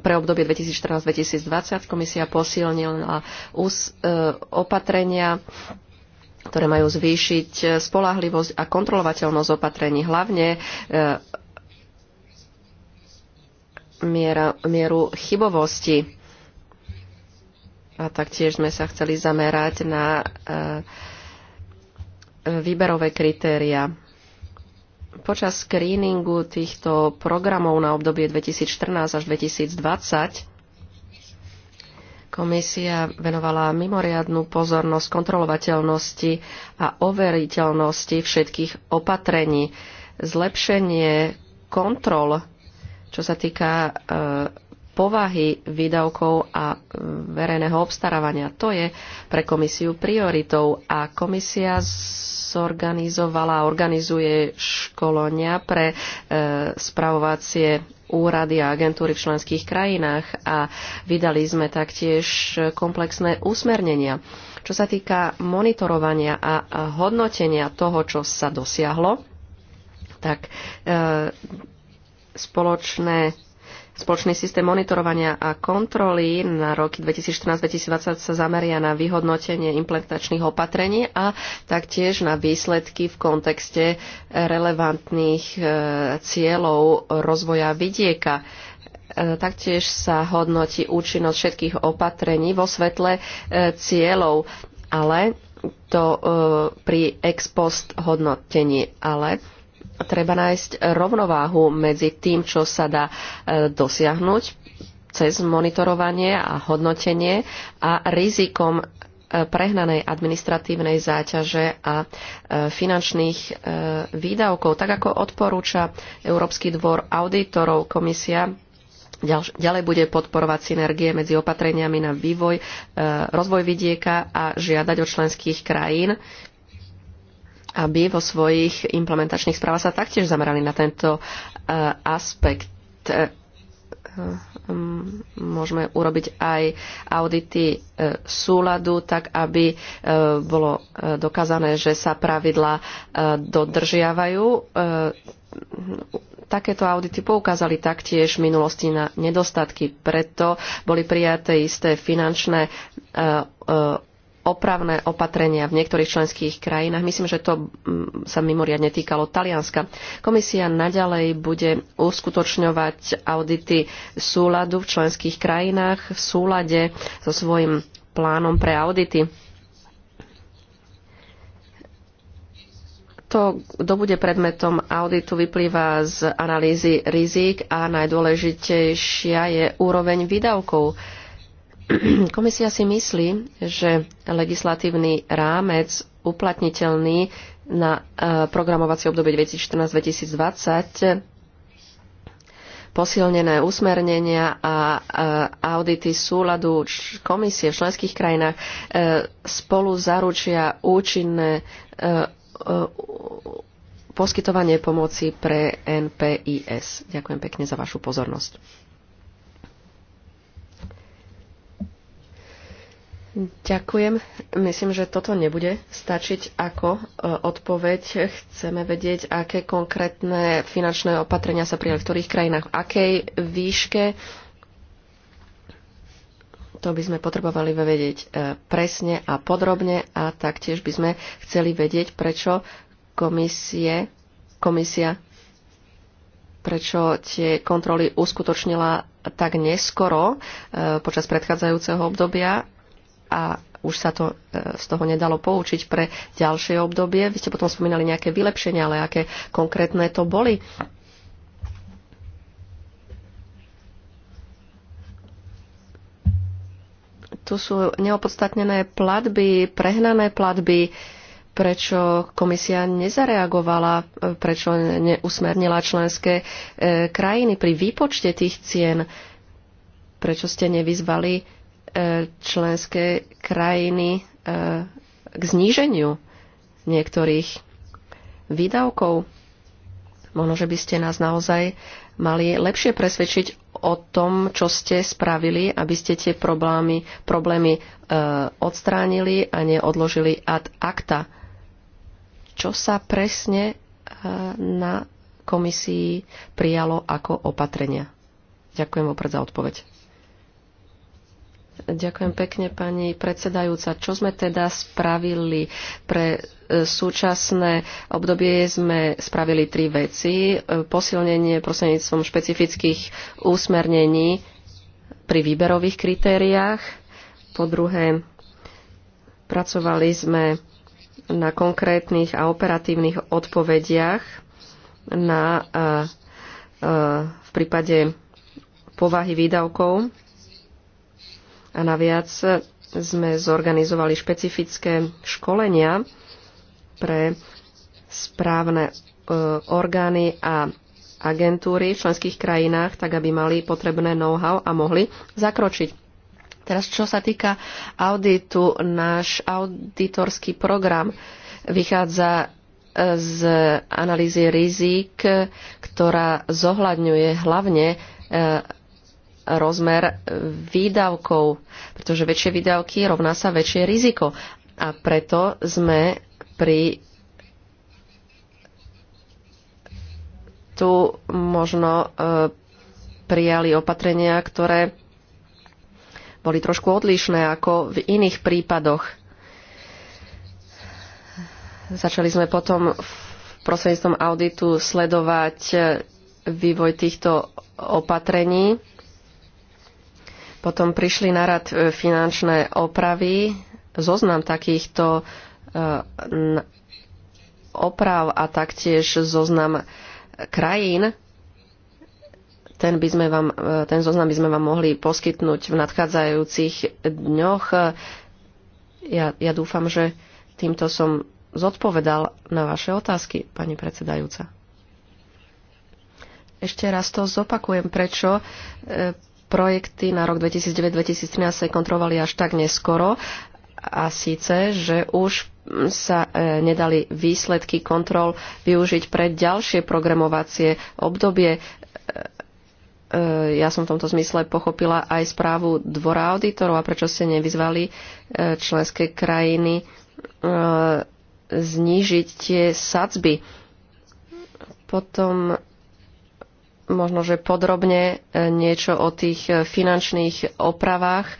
pre obdobie 2014-2020. Komisia posilnila e, opatrenia ktoré majú zvýšiť e, spolahlivosť a kontrolovateľnosť opatrení, hlavne e, miera, mieru chybovosti. A taktiež sme sa chceli zamerať na e, výberové kritéria. Počas screeningu týchto programov na obdobie 2014 až 2020 Komisia venovala mimoriadnú pozornosť kontrolovateľnosti a overiteľnosti všetkých opatrení. Zlepšenie kontrol, čo sa týka e, povahy výdavkov a e, verejného obstarávania. To je pre komisiu prioritou a komisia zorganizovala a organizuje školenia pre e, spravovacie úrady a agentúry v členských krajinách a vydali sme taktiež komplexné usmernenia. Čo sa týka monitorovania a hodnotenia toho, čo sa dosiahlo, tak e, spoločné Spoločný systém monitorovania a kontroly na roky 2014-2020 sa zameria na vyhodnotenie implementačných opatrení a taktiež na výsledky v kontexte relevantných e, cieľov rozvoja vidieka. E, taktiež sa hodnotí účinnosť všetkých opatrení vo svetle e, cieľov, ale to pri ex post hodnotení. Ale treba nájsť rovnováhu medzi tým, čo sa dá e, dosiahnuť cez monitorovanie a hodnotenie a rizikom e, prehnanej administratívnej záťaže a e, finančných výdavkov. Tak ako odporúča Európsky dvor auditorov, komisia ďalej bude podporovať synergie medzi opatreniami na vývoj, rozvoj vidieka a žiadať od členských krajín aby vo svojich implementačných správach sa taktiež zamerali na tento e, aspekt e, e, môžeme urobiť aj audity súladu, tak aby bolo dokázané, že sa pravidla dodržiavajú. Takéto audity poukázali taktiež v minulosti na nedostatky, preto boli prijaté isté finančné opravné opatrenia v niektorých členských krajinách. Myslím, že to mm, sa mimoriadne týkalo Talianska. Komisia naďalej bude uskutočňovať audity súladu v členských krajinách v súlade so svojim plánom pre audity. to, kto bude predmetom auditu, vyplýva z analýzy rizik a najdôležitejšia je úroveň výdavkov. (clears throat) Komisia si myslí, že legislatívny rámec uplatniteľný na e, programovacie obdobie 2014-2020 posilnené usmernenia a e, audity súladu komisie v členských krajinách e, spolu zaručia účinné poskytovanie pomoci pre NPIS. Ďakujem pekne za vašu pozornosť. Ďakujem. Myslím, že toto nebude stačiť ako e, odpoveď. Chceme vedieť, aké konkrétne finančné opatrenia sa prijali v ktorých krajinách, v akej výške. To by sme potrebovali vedieť e, presne a podrobne a taktiež by sme chceli vedieť, prečo komisie, komisia prečo tie kontroly uskutočnila tak neskoro e, počas predchádzajúceho obdobia a už sa to e, z toho nedalo poučiť pre ďalšie obdobie. Vy ste potom spomínali nejaké vylepšenia, ale aké konkrétne to boli? Tu sú neopodstatnené platby, prehnané platby, prečo komisia nezareagovala, prečo neusmernila členské e, krajiny pri výpočte tých cien, prečo ste nevyzvali E, členské krajiny e, k zníženiu niektorých výdavkov. Možno, že by ste nás naozaj mali lepšie presvedčiť o tom, čo ste spravili, aby ste tie problémy, problémy e, odstránili a neodložili ad acta. Čo sa presne e, na komisii prijalo ako opatrenia? Ďakujem opred za odpoveď. Ďakujem pekne, pani predsedajúca. Čo sme teda spravili pre e, súčasné obdobie sme spravili tri veci. E, posilnenie prostredníctvom špecifických úsmernení pri výberových kritériách. Po druhé, pracovali sme na konkrétnych a operatívnych odpovediach na, e, v prípade povahy výdavkov a naviac sme zorganizovali špecifické školenia pre správne e, orgány a agentúry v členských krajinách, tak aby mali potrebné know-how a mohli zakročiť. Teraz, čo sa týka auditu, náš auditorský program vychádza e, z analýzy rizik, ktorá zohľadňuje hlavne e, rozmer výdavkov, pretože väčšie výdavky rovná sa väčšie riziko. A preto sme pri tu možno e, prijali opatrenia, ktoré boli trošku odlišné ako v iných prípadoch. Začali sme potom prostredníctvom auditu sledovať e, vývoj týchto opatrení potom prišli na rad e, finančné opravy, zoznam takýchto e, oprav a taktiež zoznam krajín. Ten, by sme vám, e, ten zoznam by sme vám mohli poskytnúť v nadchádzajúcich dňoch. Ja, ja dúfam, že týmto som zodpovedal na vaše otázky, pani predsedajúca. Ešte raz to zopakujem, prečo projekty na rok 2009-2013 sa kontrolovali až tak neskoro a síce, že už sa e, nedali výsledky kontrol využiť pre ďalšie programovacie obdobie. E, e, ja som v tomto zmysle pochopila aj správu dvora auditorov a prečo ste nevyzvali e, členské krajiny e, znížiť tie sadzby. Potom možno, že podrobne e, niečo o tých e, finančných opravách. E,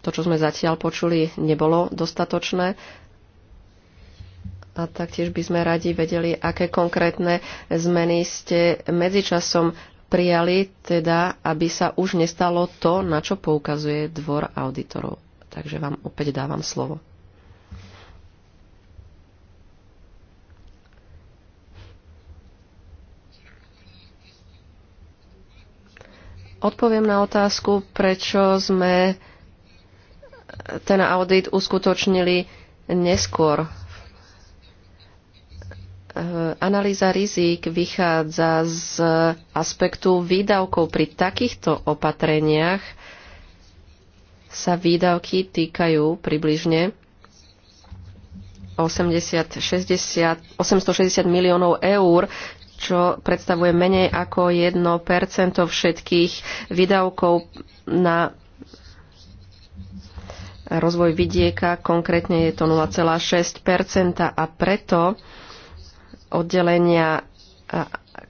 to, čo sme zatiaľ počuli, nebolo dostatočné. A taktiež by sme radi vedeli, aké konkrétne zmeny ste medzičasom prijali, teda aby sa už nestalo to, na čo poukazuje dvor auditorov. Takže vám opäť dávam slovo. odpoviem na otázku, prečo sme ten audit uskutočnili neskôr. Analýza rizik vychádza z aspektu výdavkov. Pri takýchto opatreniach sa výdavky týkajú približne 80, 60, 860 miliónov eur, čo predstavuje menej ako 1% všetkých výdavkov na rozvoj vidieka, konkrétne je to 0,6% a preto oddelenia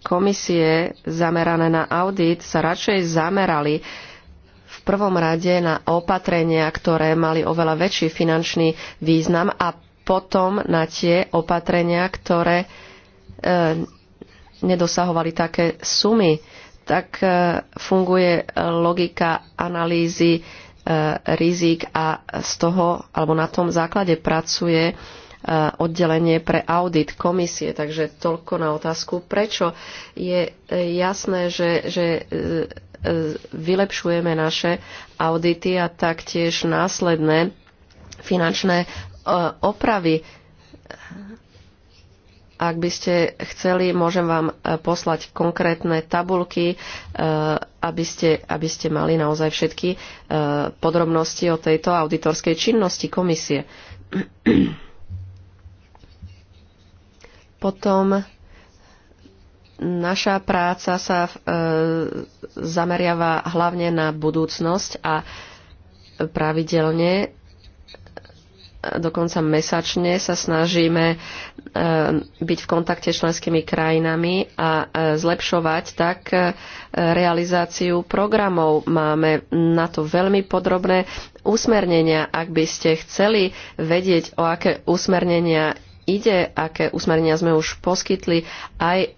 komisie zamerané na audit sa radšej zamerali v prvom rade na opatrenia, ktoré mali oveľa väčší finančný význam a potom na tie opatrenia, ktoré e, nedosahovali také sumy. Tak e, funguje logika analýzy e, rizik a z toho, alebo na tom základe pracuje e, oddelenie pre audit komisie. Takže toľko na otázku, prečo je jasné, že, že vylepšujeme naše audity a taktiež následné finančné opravy ak by ste chceli, môžem vám e, poslať konkrétne tabulky, e, aby ste, aby ste mali naozaj všetky e, podrobnosti o tejto auditorskej činnosti komisie. (clears throat) Potom naša práca sa zameriava hlavne na budúcnosť a pravidelne dokonca mesačne sa snažíme e, byť v kontakte s členskými krajinami a e, zlepšovať tak e, realizáciu programov. Máme na to veľmi podrobné usmernenia. Ak by ste chceli vedieť, o aké usmernenia ide, aké usmernenia sme už poskytli aj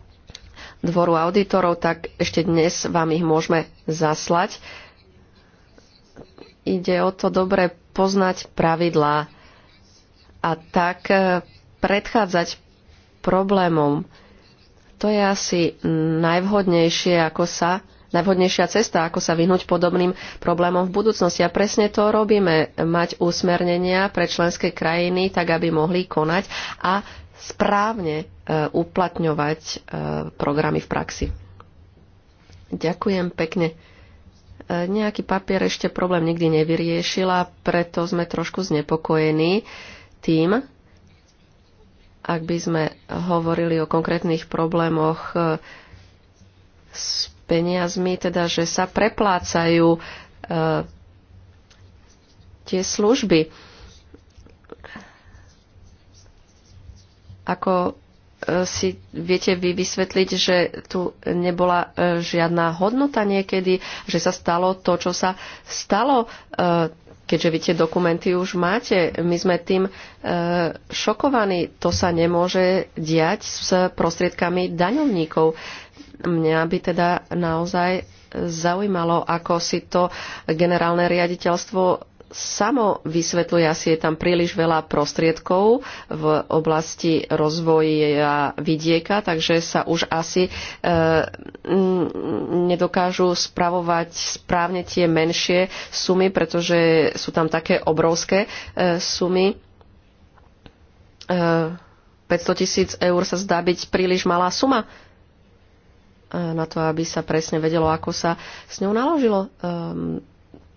(clears throat) dvoru auditorov, tak ešte dnes vám ich môžeme zaslať ide o to dobre poznať pravidlá a tak e, predchádzať problémom. To je asi najvhodnejšie, ako sa najvhodnejšia cesta, ako sa vyhnúť podobným problémom v budúcnosti. A presne to robíme, mať usmernenia pre členské krajiny, tak aby mohli konať a správne e, uplatňovať e, programy v praxi. Ďakujem pekne. Nejaký papier ešte problém nikdy nevyriešila, preto sme trošku znepokojení tým, ak by sme hovorili o konkrétnych problémoch e, s peniazmi, teda že sa preplácajú e, tie služby. Ako si viete vy vysvetliť, že tu nebola e, žiadna hodnota niekedy, že sa stalo to, čo sa stalo, e, keďže vy tie dokumenty už máte. My sme tým e, šokovaní. To sa nemôže diať s prostriedkami daňovníkov. Mňa by teda naozaj zaujímalo, ako si to generálne riaditeľstvo samo vysvetľuje, asi je tam príliš veľa prostriedkov v oblasti rozvoja vidieka, takže sa už asi e, nedokážu spravovať správne tie menšie sumy, pretože sú tam také obrovské e, sumy. E, 500 tisíc eur sa zdá byť príliš malá suma e, na to, aby sa presne vedelo, ako sa s ňou naložilo. E,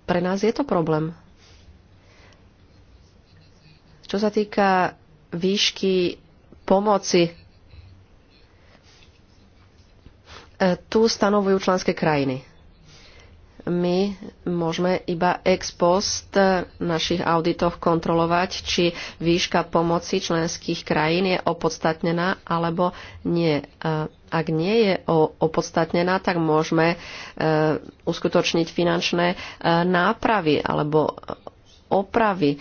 pre nás je to problém. Čo sa týka výšky pomoci, e, tu stanovujú členské krajiny. My môžeme iba ex post e, v našich auditoch kontrolovať, či výška pomoci členských krajín je opodstatnená alebo nie. E, ak nie je opodstatnená, tak môžeme uskutočniť finančné nápravy alebo opravy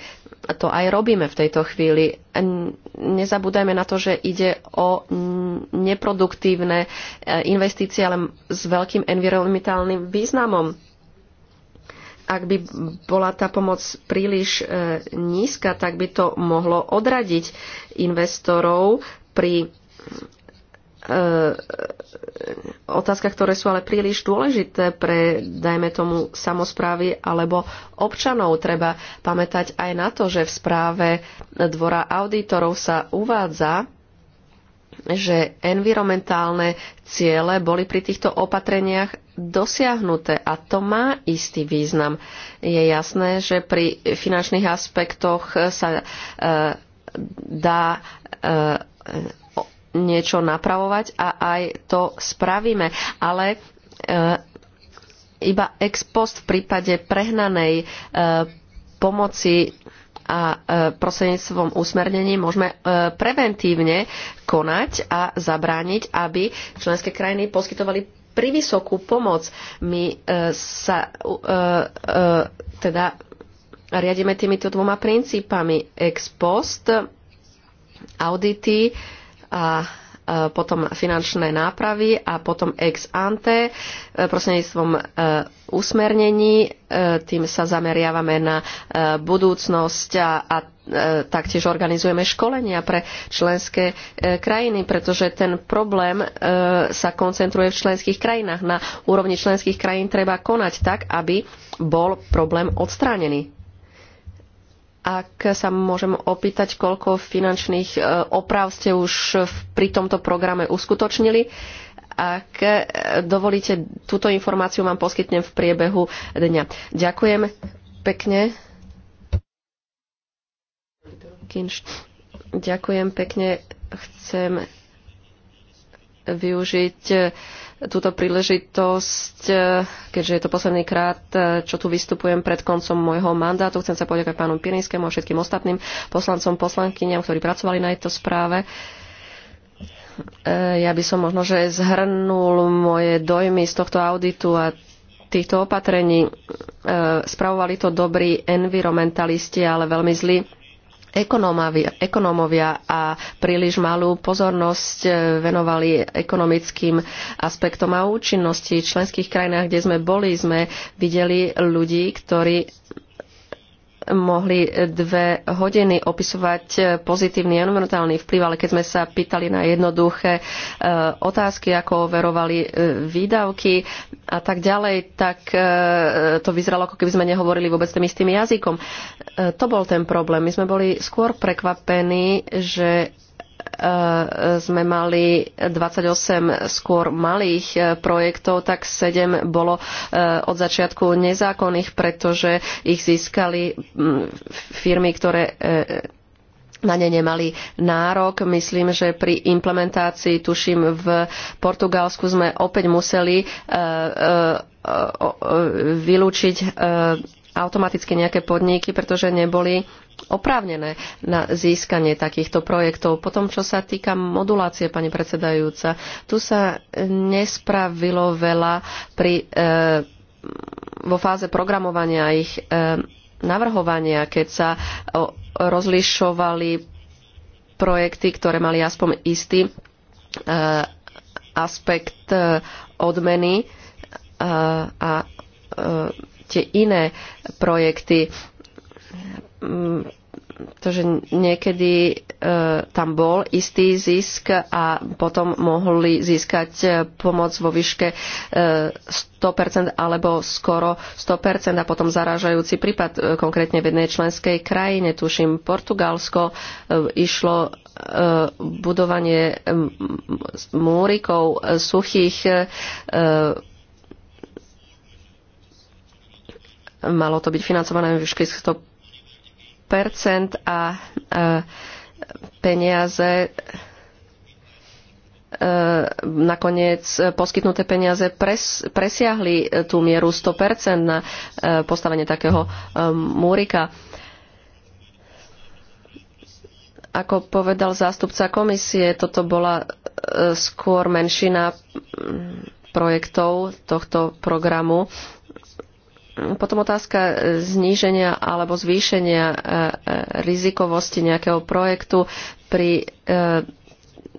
to aj robíme v tejto chvíli. Nezabúdajme na to, že ide o neproduktívne e, investície, ale s veľkým environmentálnym významom. Ak by bola tá pomoc príliš e, nízka, tak by to mohlo odradiť investorov pri E, otázkach, ktoré sú ale príliš dôležité pre, dajme tomu, samozprávy alebo občanov. Treba pamätať aj na to, že v správe Dvora auditorov sa uvádza, že environmentálne ciele boli pri týchto opatreniach dosiahnuté a to má istý význam. Je jasné, že pri finančných aspektoch sa e, dá e, niečo napravovať a aj to spravíme. Ale e, iba ex post v prípade prehnanej e, pomoci a e, prostredníctvom usmernení môžeme preventívne konať a zabrániť, aby členské krajiny poskytovali privysokú pomoc. My sa teda riadime týmito dvoma princípami ex post, audity, a potom finančné nápravy a potom ex ante e, prostredníctvom e, usmernení. E, tým sa zameriavame na budúcnosť a, a taktiež organizujeme školenia pre členské krajiny, pretože ten problém sa koncentruje v členských krajinách. Na úrovni členských krajín treba konať tak, aby bol problém odstránený. Ak sa môžem opýtať, koľko finančných e, oprav ste už pri tomto programe uskutočnili, ak e, dovolíte, túto informáciu vám poskytnem v priebehu dňa. Ďakujem pekne. Ďakujem pekne. Chcem využiť e, túto príležitosť, e, keďže je to posledný krát, e, čo tu vystupujem pred koncom môjho mandátu. Chcem sa poďakovať pánu Pirinskému a všetkým ostatným poslancom, poslankyňam, ktorí pracovali na tejto správe. E, ja by som možno, že zhrnul moje dojmy z tohto auditu a týchto opatrení. Spravovali to dobrí environmentalisti, ale veľmi zlí ekonómovia a príliš malú pozornosť eh, venovali ekonomickým aspektom a účinnosti. V členských krajinách, kde sme boli, sme videli ľudí, ktorí mohli dve hodiny opisovať pozitívny environmentálny vplyv, ale keď sme sa pýtali na jednoduché e, otázky, ako overovali e, výdavky a tak ďalej, tak e, to vyzeralo, ako keby sme nehovorili vôbec tým istým jazykom. To bol ten problém. My sme boli skôr prekvapení, že Eh, sme mali 28 skôr malých eh, projektov, tak 7 bolo eh, od začiatku nezákonných, pretože ich získali mm, firmy, ktoré na ne nemali nárok. Myslím, že pri implementácii, tuším, v Portugalsku sme opäť museli vylúčiť automaticky nejaké podniky, pretože neboli oprávnené na získanie takýchto projektov. Potom, čo sa týka modulácie, pani predsedajúca, tu sa nespravilo veľa pri, e, vo fáze programovania ich e, navrhovania, keď sa o, rozlišovali projekty, ktoré mali aspoň istý e, aspekt e, odmeny e, a e, ešte iné projekty. To, že niekedy e, tam bol istý zisk a potom mohli získať pomoc vo výške e, 100% alebo skoro 100% a potom zarážajúci prípad e, konkrétne v jednej členskej krajine, tuším Portugalsko, e, išlo e, budovanie e, múrikov e, suchých e, Malo to byť financované v výške 100% a e, peniaze e, nakoniec poskytnuté peniaze pres, presiahli e, tú mieru 100% na postavenie takého múrika. Ako povedal zástupca komisie, toto bola skôr menšina projektov tohto programu potom otázka e, zníženia alebo zvýšenia e, e, rizikovosti nejakého projektu pri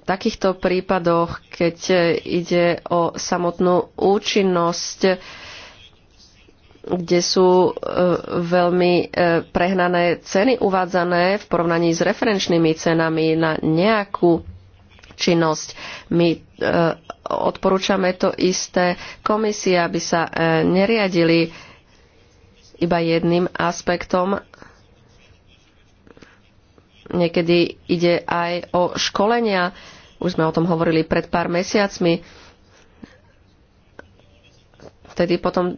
takýchto prípadoch, keď ide o samotnú účinnosť, kde sú veľmi prehnané ceny uvádzané v porovnaní s referenčnými cenami na nejakú činnosť. My odporúčame to isté komisie, aby sa neriadili iba jedným aspektom. Niekedy ide aj o školenia. Už sme o tom hovorili pred pár mesiacmi. Vtedy potom e,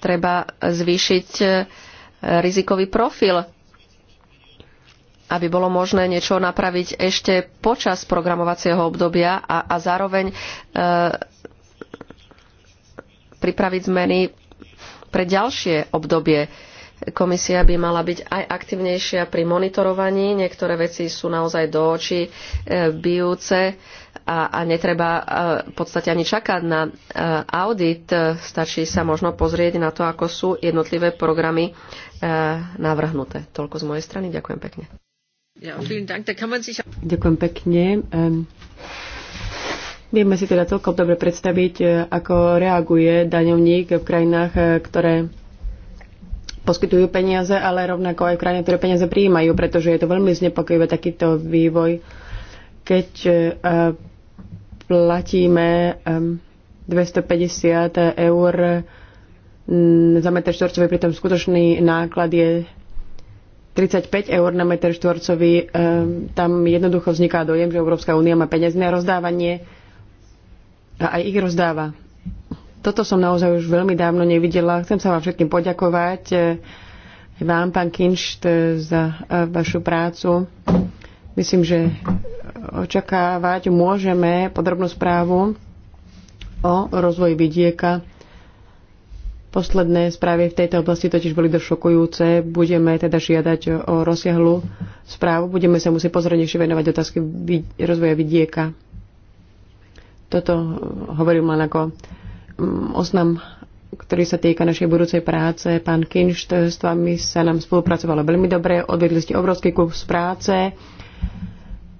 treba zvýšiť e, rizikový profil, aby bolo možné niečo napraviť ešte počas programovacieho obdobia a, a zároveň e, pripraviť zmeny pre ďalšie obdobie. Komisia by mala byť aj aktívnejšia pri monitorovaní. Niektoré veci sú naozaj do očí e, bijúce a, a netreba e, v podstate ani čakať na e, audit. Stačí sa možno pozrieť na to, ako sú jednotlivé programy navrhnuté. Toľko z mojej strany. Ďakujem pekne. Ja, Ďakujem pekne. Vieme si teda celkom dobre predstaviť, e, ako reaguje daňovník v krajinách, e, ktoré poskytujú peniaze, ale rovnako aj v krajinách, ktoré peniaze prijímajú, pretože je to veľmi znepokojivé takýto vývoj, keď e, platíme 250 eur za meter štvorcový, pritom skutočný náklad je 35 eur na meter štvorcový. Tam jednoducho vzniká dojem, že Európska únia má peniaze na rozdávanie a aj ich rozdáva. Toto som naozaj už veľmi dávno nevidela. Chcem sa vám všetkým poďakovať. E, vám, pán Kinšt, e, za e, vašu prácu. Myslím, že očakávať môžeme podrobnú správu o rozvoji vidieka. Posledné správy v tejto oblasti totiž boli došokujúce. Budeme teda žiadať o rozsiahlu správu. Budeme sa musieť pozornejšie venovať otázky rozvoja vidieka. Toto eh, hovoril len ako mm, osnam, ktorý sa týka našej budúcej práce. Pán Kinšt, s vami sa nám spolupracovalo veľmi dobre, odvedli ste obrovský kus práce.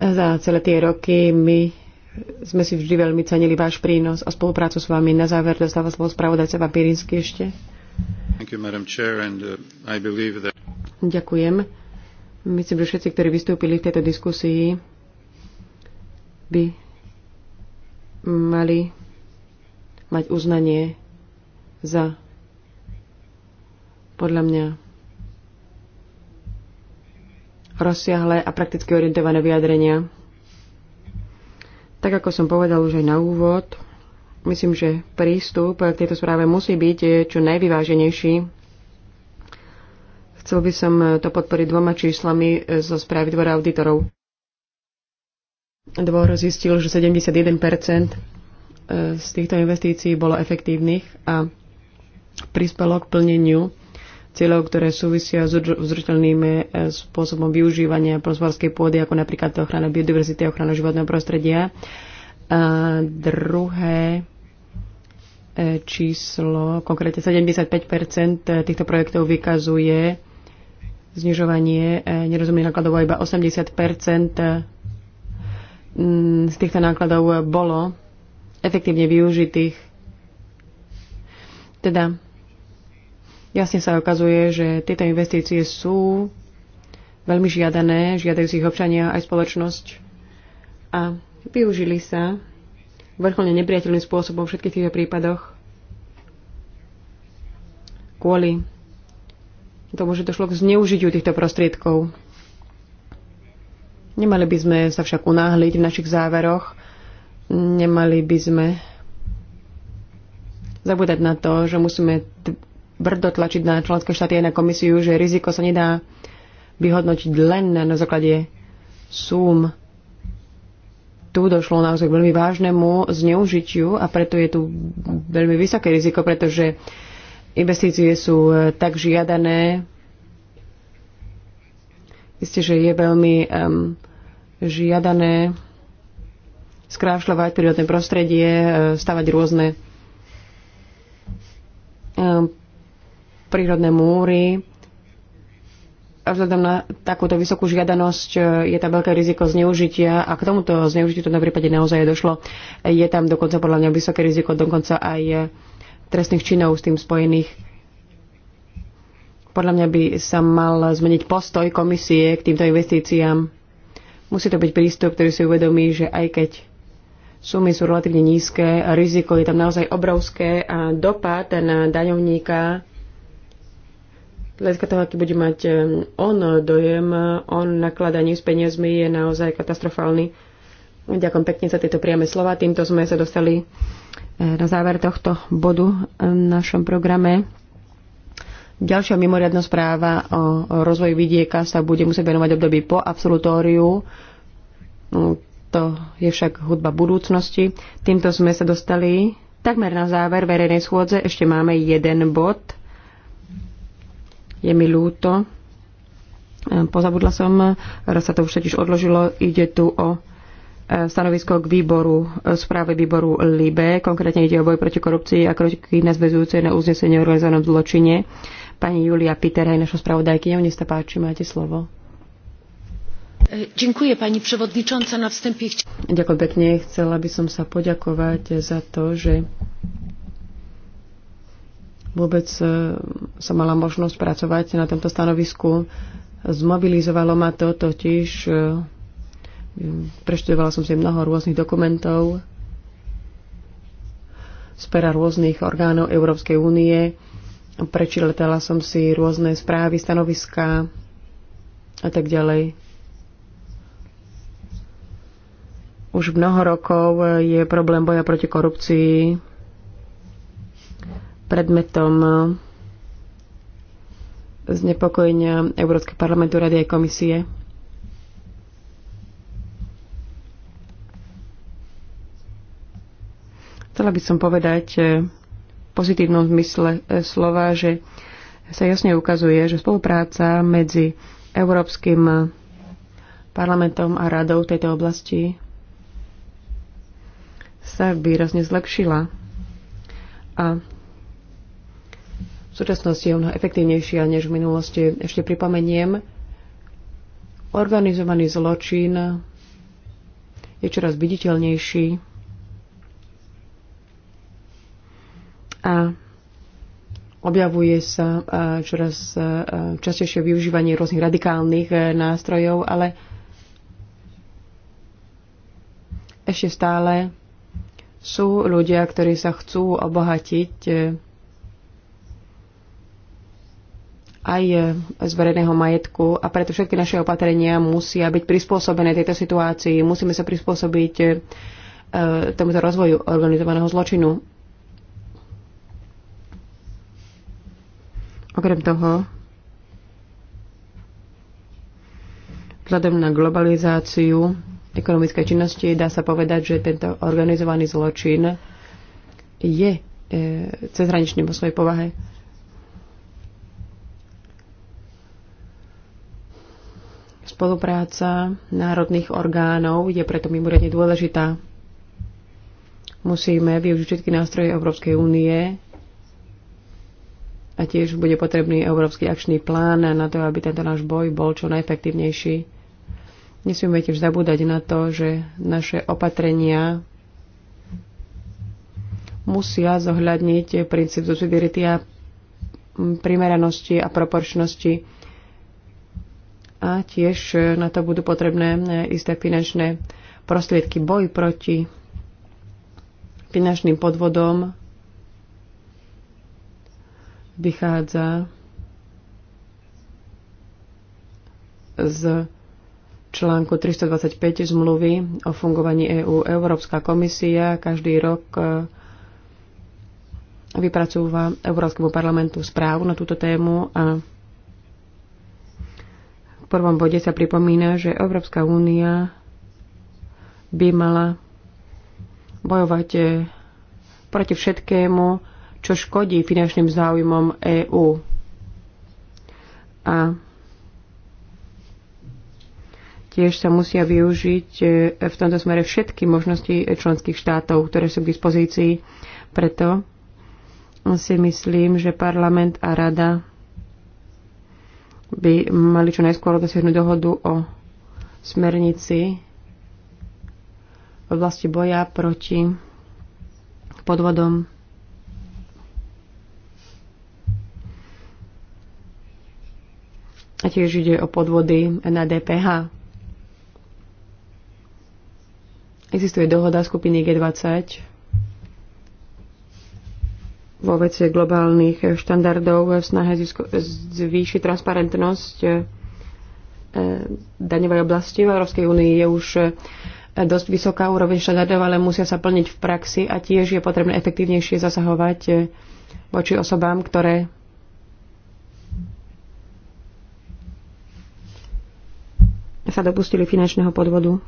Za celé tie roky my sme si vždy veľmi cenili váš prínos a spoluprácu s vami. Na záver dostáva slovo spravodajca Papirinsky ešte. You, Chair, and, uh, that... Ďakujem. Myslím, že všetci, ktorí vystúpili v tejto diskusii, by mali mať uznanie za podľa mňa rozsiahle a prakticky orientované vyjadrenia. Tak ako som povedal už aj na úvod, myslím, že prístup k tejto správe musí byť čo najvyváženejší. Chcel by som to podporiť dvoma číslami zo správy dvora auditorov. Dvor zistil, že 71 e, z týchto investícií bolo efektívnych a prispelo k plneniu cieľov, ktoré súvisia s udržateľným e, spôsobom využívania prosvarskej pôdy, ako napríklad ochrana biodiverzity a ochrana životného prostredia. A druhé e, číslo, konkrétne 75 týchto projektov vykazuje znižovanie nerozumných nákladov a iba 80 Mm, z týchto nákladov bolo efektívne využitých. Teda jasne sa ukazuje, že tieto investície sú veľmi žiadané, žiadajú si ich občania aj spoločnosť a využili sa vrcholne nepriateľným spôsobom v všetkých týchto prípadoch kvôli tomu, že došlo k zneužitiu týchto prostriedkov. Nemali by sme sa však unáhliť v našich záveroch. Nemali by sme zabúdať na to, že musíme tvrdo tlačiť na členské štáty aj na komisiu, že riziko sa nedá vyhodnotiť len na základe súm. Tu došlo naozaj k veľmi vážnemu zneužitiu a preto je tu veľmi vysoké riziko, pretože investície sú e, tak žiadané. Isté, že je veľmi um, žiadané skrášľovať prírodné prostredie, e, stavať rôzne e, prírodné múry. A vzhľadom na takúto vysokú žiadanosť e, je tam veľké riziko zneužitia a k tomuto zneužitiu to na prípade naozaj došlo. Je tam dokonca podľa mňa vysoké riziko dokonca aj trestných činov s tým spojených. Podľa mňa by sa mal zmeniť postoj komisie k týmto investíciám Musí to byť prístup, ktorý si uvedomí, že aj keď sumy sú relatívne nízke, a riziko je tam naozaj obrovské a dopad na daňovníka hľadiska toho, aký bude mať on dojem, on nakladaní s peniazmi je naozaj katastrofálny. Ďakujem pekne za tieto priame slova. Týmto sme sa dostali eh, na záver tohto bodu v našom programe. Ďalšia mimoriadná správa o rozvoji vidieka sa bude musieť venovať období po absolutóriu. To je však hudba budúcnosti. Týmto sme sa dostali takmer na záver verejnej schôdze. Ešte máme jeden bod. Je mi ľúto. Pozabudla som, raz sa to už totiž odložilo. Ide tu o e, stanovisko k výboru, e, správe výboru LIBE, konkrétne ide o boj proti korupcii a kroky nezvezujúce na uznesenie o organizovanom zločine. Pani Julia Pitera aj našou spravodajkyňou. Nech sa páči, máte slovo. Ďakujem, pani prevodničonca, Na wstępie Ďakujem pekne. Chcela by som sa poďakovať za to, že vôbec e, som mala možnosť pracovať na tomto stanovisku. Zmobilizovalo ma to totiž. E, preštudovala som si mnoho rôznych dokumentov z pera rôznych orgánov Európskej únie Prečiletala som si rôzne správy, stanoviská a tak ďalej. Už mnoho rokov je problém boja proti korupcii predmetom znepokojenia Európskeho parlamentu, Rady aj komisie. Chcela by som povedať, pozitívnom zmysle e, slova, že sa jasne ukazuje, že spolupráca medzi Európskym parlamentom a radou v tejto oblasti sa výrazne zlepšila a v súčasnosti je mnoho efektívnejšia než v minulosti. Ešte pripomeniem, organizovaný zločin je čoraz viditeľnejší a objavuje sa e, čoraz e, častejšie využívanie rôznych radikálnych e, nástrojov, ale ešte stále sú ľudia, ktorí sa chcú obohatiť aj z verejného majetku a preto všetky naše opatrenia musia byť prispôsobené tejto situácii. Musíme sa prispôsobiť tomuto rozvoju organizovaného zločinu Okrem toho, vzhľadom na globalizáciu ekonomickej činnosti dá sa povedať, že tento organizovaný zločin je e, cezhraničný vo svojej povahe. Spolupráca národných orgánov je preto mimoriadne dôležitá. Musíme využiť všetky nástroje Európskej únie, a tiež bude potrebný európsky akčný plán na to, aby tento náš boj bol čo najefektívnejší. Nesmieme tiež zabúdať na to, že naše opatrenia musia zohľadniť princíp subsidiarity a primeranosti a proporčnosti. A tiež na to budú potrebné isté finančné prostriedky. Boj proti finančným podvodom vychádza z článku 325 zmluvy o fungovaní EÚ. Európska komisia každý rok e, vypracúva Európskemu parlamentu správu na túto tému a v prvom bode sa pripomína, že Európska únia by mala bojovať e, proti všetkému, čo škodí finančným záujmom EÚ. A tiež sa musia využiť e, v tomto smere všetky možnosti členských štátov, ktoré sú k dispozícii. Preto si myslím, že parlament a rada by mali čo najskôr dosiahnuť dohodu o smernici v oblasti boja proti podvodom A tiež ide o podvody na DPH. Existuje dohoda skupiny G20 vo veci globálnych štandardov v snahe zvýšiť transparentnosť e, daňovej oblasti. V Európskej únii je už e, dosť vysoká úroveň štandardov, ale musia sa plniť v praxi a tiež je potrebné efektívnejšie zasahovať e, voči osobám, ktoré sa dopustili finančného podvodu.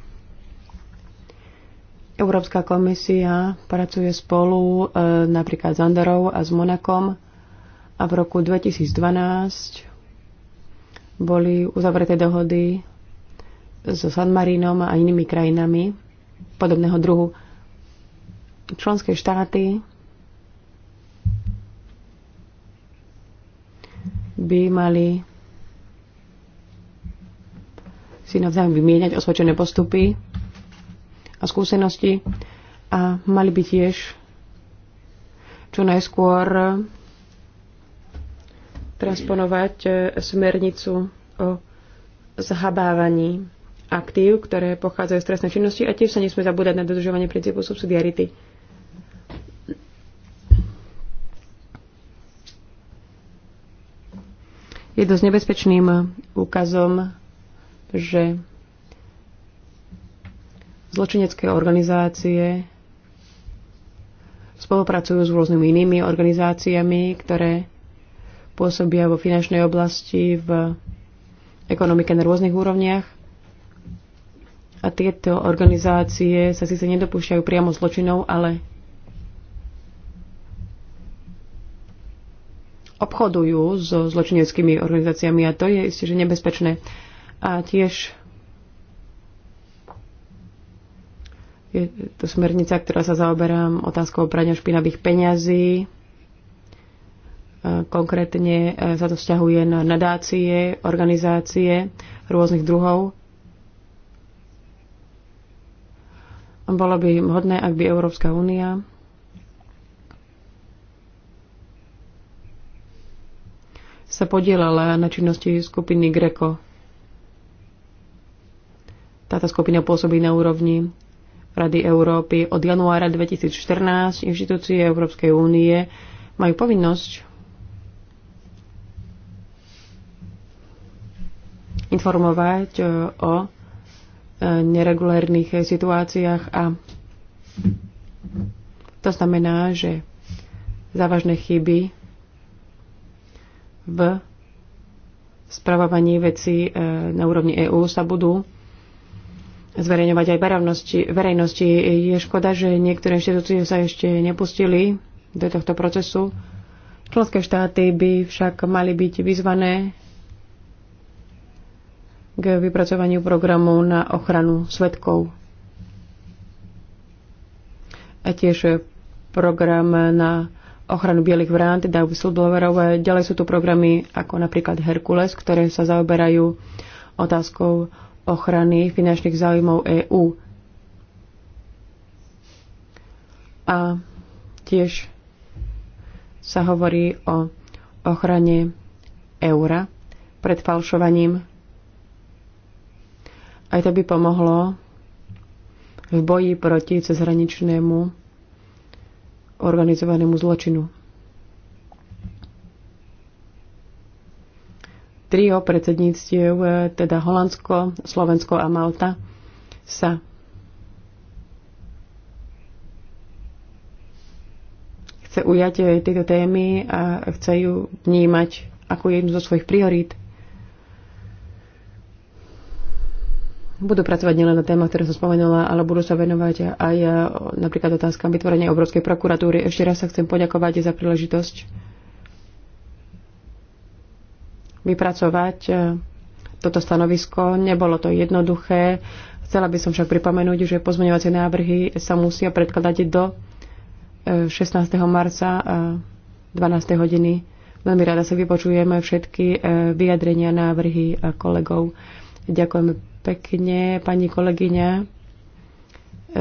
Európska komisia pracuje spolu e, napríklad s Andorou a s Monakom a v roku 2012 boli uzavreté dohody so San Marinom a inými krajinami podobného druhu. Členské štáty by mali si navzájom vymieňať osvedčené postupy a skúsenosti a mali by tiež čo najskôr transponovať eh, smernicu o zhabávaní aktív, ktoré pochádzajú z trestnej činnosti a tiež sa nesme zabúdať na dodržovanie princípu subsidiarity. Je dosť nebezpečným úkazom že zločinecké organizácie spolupracujú s rôznymi inými organizáciami, ktoré pôsobia vo finančnej oblasti, v ekonomike na rôznych úrovniach. A tieto organizácie sa síce nedopúšťajú priamo zločinov, ale obchodujú so zločineckými organizáciami a to je isté, že nebezpečné. A tiež je to smernica, ktorá sa zaoberá otázkou prania špinavých peňazí. Konkrétne e, sa to vzťahuje na nadácie, organizácie rôznych druhov. Bolo by hodné, ak by Európska únia sa podielala na činnosti skupiny GRECO táto skupina pôsobí na úrovni Rady Európy. Od januára 2014 inštitúcie Európskej únie majú povinnosť informovať e, o e, neregulérnych situáciách a to znamená, že závažné chyby v spravovaní vecí e, na úrovni EÚ sa budú zverejňovať aj verejnosti. Je škoda, že niektoré inštitúcie sa ešte nepustili do tohto procesu. Členské štáty by však mali byť vyzvané k vypracovaniu programu na ochranu svetkov a tiež program na ochranu bielých vrán, teda whistleblowerov. Ďalej sú tu programy ako napríklad Herkules, ktoré sa zaoberajú otázkou ochrany finančných záujmov EÚ. A tiež sa hovorí o ochrane eura pred falšovaním. Aj to by pomohlo v boji proti cezhraničnému organizovanému zločinu. trio predsedníctiev, e, teda Holandsko, Slovensko a Malta, sa chce ujať e, tejto témy a chce ju vnímať ako jednu zo svojich priorít. budú pracovať nielen na témach, ktoré som spomenula, ale budú sa venovať aj e, napríklad otázkam vytvorenia obrovskej prokuratúry. Ešte raz sa chcem poďakovať za príležitosť vypracovať e, toto stanovisko. Nebolo to jednoduché. Chcela by som však pripomenúť, že pozmeňovacie návrhy sa musia predkladať do 16. E, marca 12. E, hodiny. Veľmi rada si vypočujeme všetky vyjadrenia, návrhy kolegov. Ďakujem pekne, pani kolegyňa,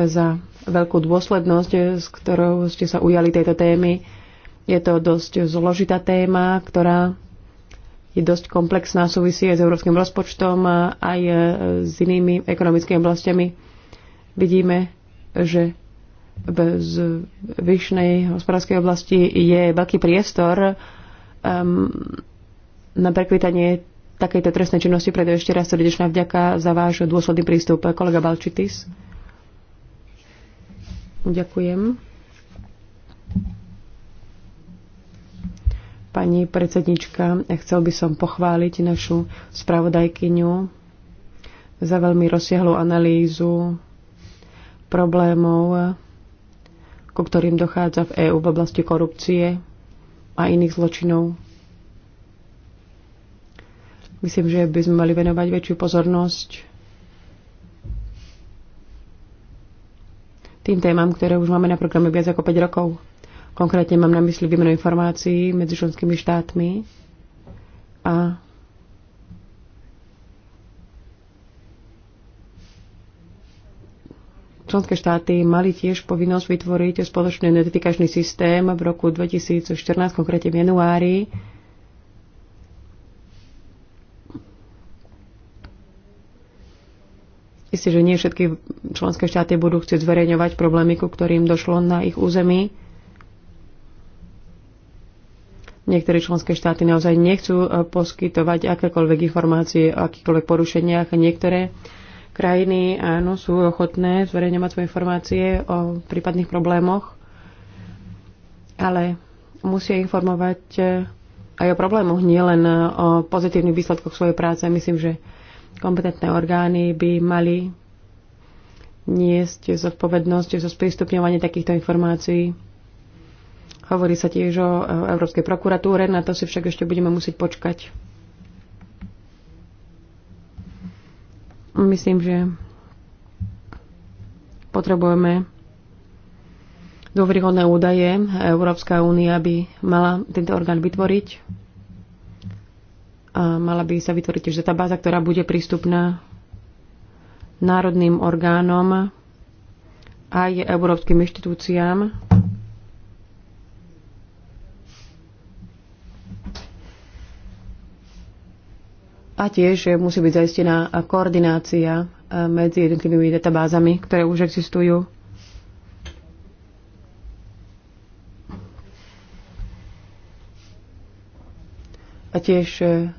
za veľkú dôslednosť, s ktorou ste sa ujali tejto témy. Je to dosť zložitá téma, ktorá je dosť komplexná, súvisí aj s európskym rozpočtom, a aj e, s inými ekonomickými oblastiami. Vidíme, že z vyššnej hospodárskej oblasti je veľký priestor um, na prekvitanie takejto trestnej činnosti. Preto ešte raz srdečná vďaka za váš dôsledný prístup. Kolega Balčitis. Ďakujem. Pani predsednička, chcel by som pochváliť našu spravodajkyňu za veľmi rozsiahlú analýzu problémov, ku ktorým dochádza v EÚ v oblasti korupcie a iných zločinov. Myslím, že by sme mali venovať väčšiu pozornosť tým témam, ktoré už máme na programe viac ako 5 rokov. Konkrétne mám na mysli výmenu informácií medzi členskými štátmi a členské štáty mali tiež povinnosť vytvoriť spoločný identifikačný systém v roku 2014, konkrétne v januári. Isté, že nie všetky členské štáty budú chcieť zverejňovať problémy, ku ktorým došlo na ich území. Niektoré členské štáty naozaj nechcú e, poskytovať akékoľvek informácie o akýchkoľvek porušeniach. Niektoré krajiny áno, sú ochotné zverejňovať svoje informácie o prípadných problémoch, ale musia informovať e, aj o problémoch, nielen e, o pozitívnych výsledkoch svojej práce. Myslím, že kompetentné orgány by mali niesť zodpovednosť za sprístupňovanie takýchto informácií Hovorí sa tiež o e, Európskej prokuratúre, na to si však ešte budeme musieť počkať. Myslím, že potrebujeme dôveryhodné údaje. Európska únia by mala tento orgán vytvoriť. A mala by sa vytvoriť tiež databáza, ktorá bude prístupná národným orgánom aj európskym inštitúciám a tiež musí byť zaistená koordinácia e, medzi jednotlivými databázami, ktoré už existujú. A tiež e,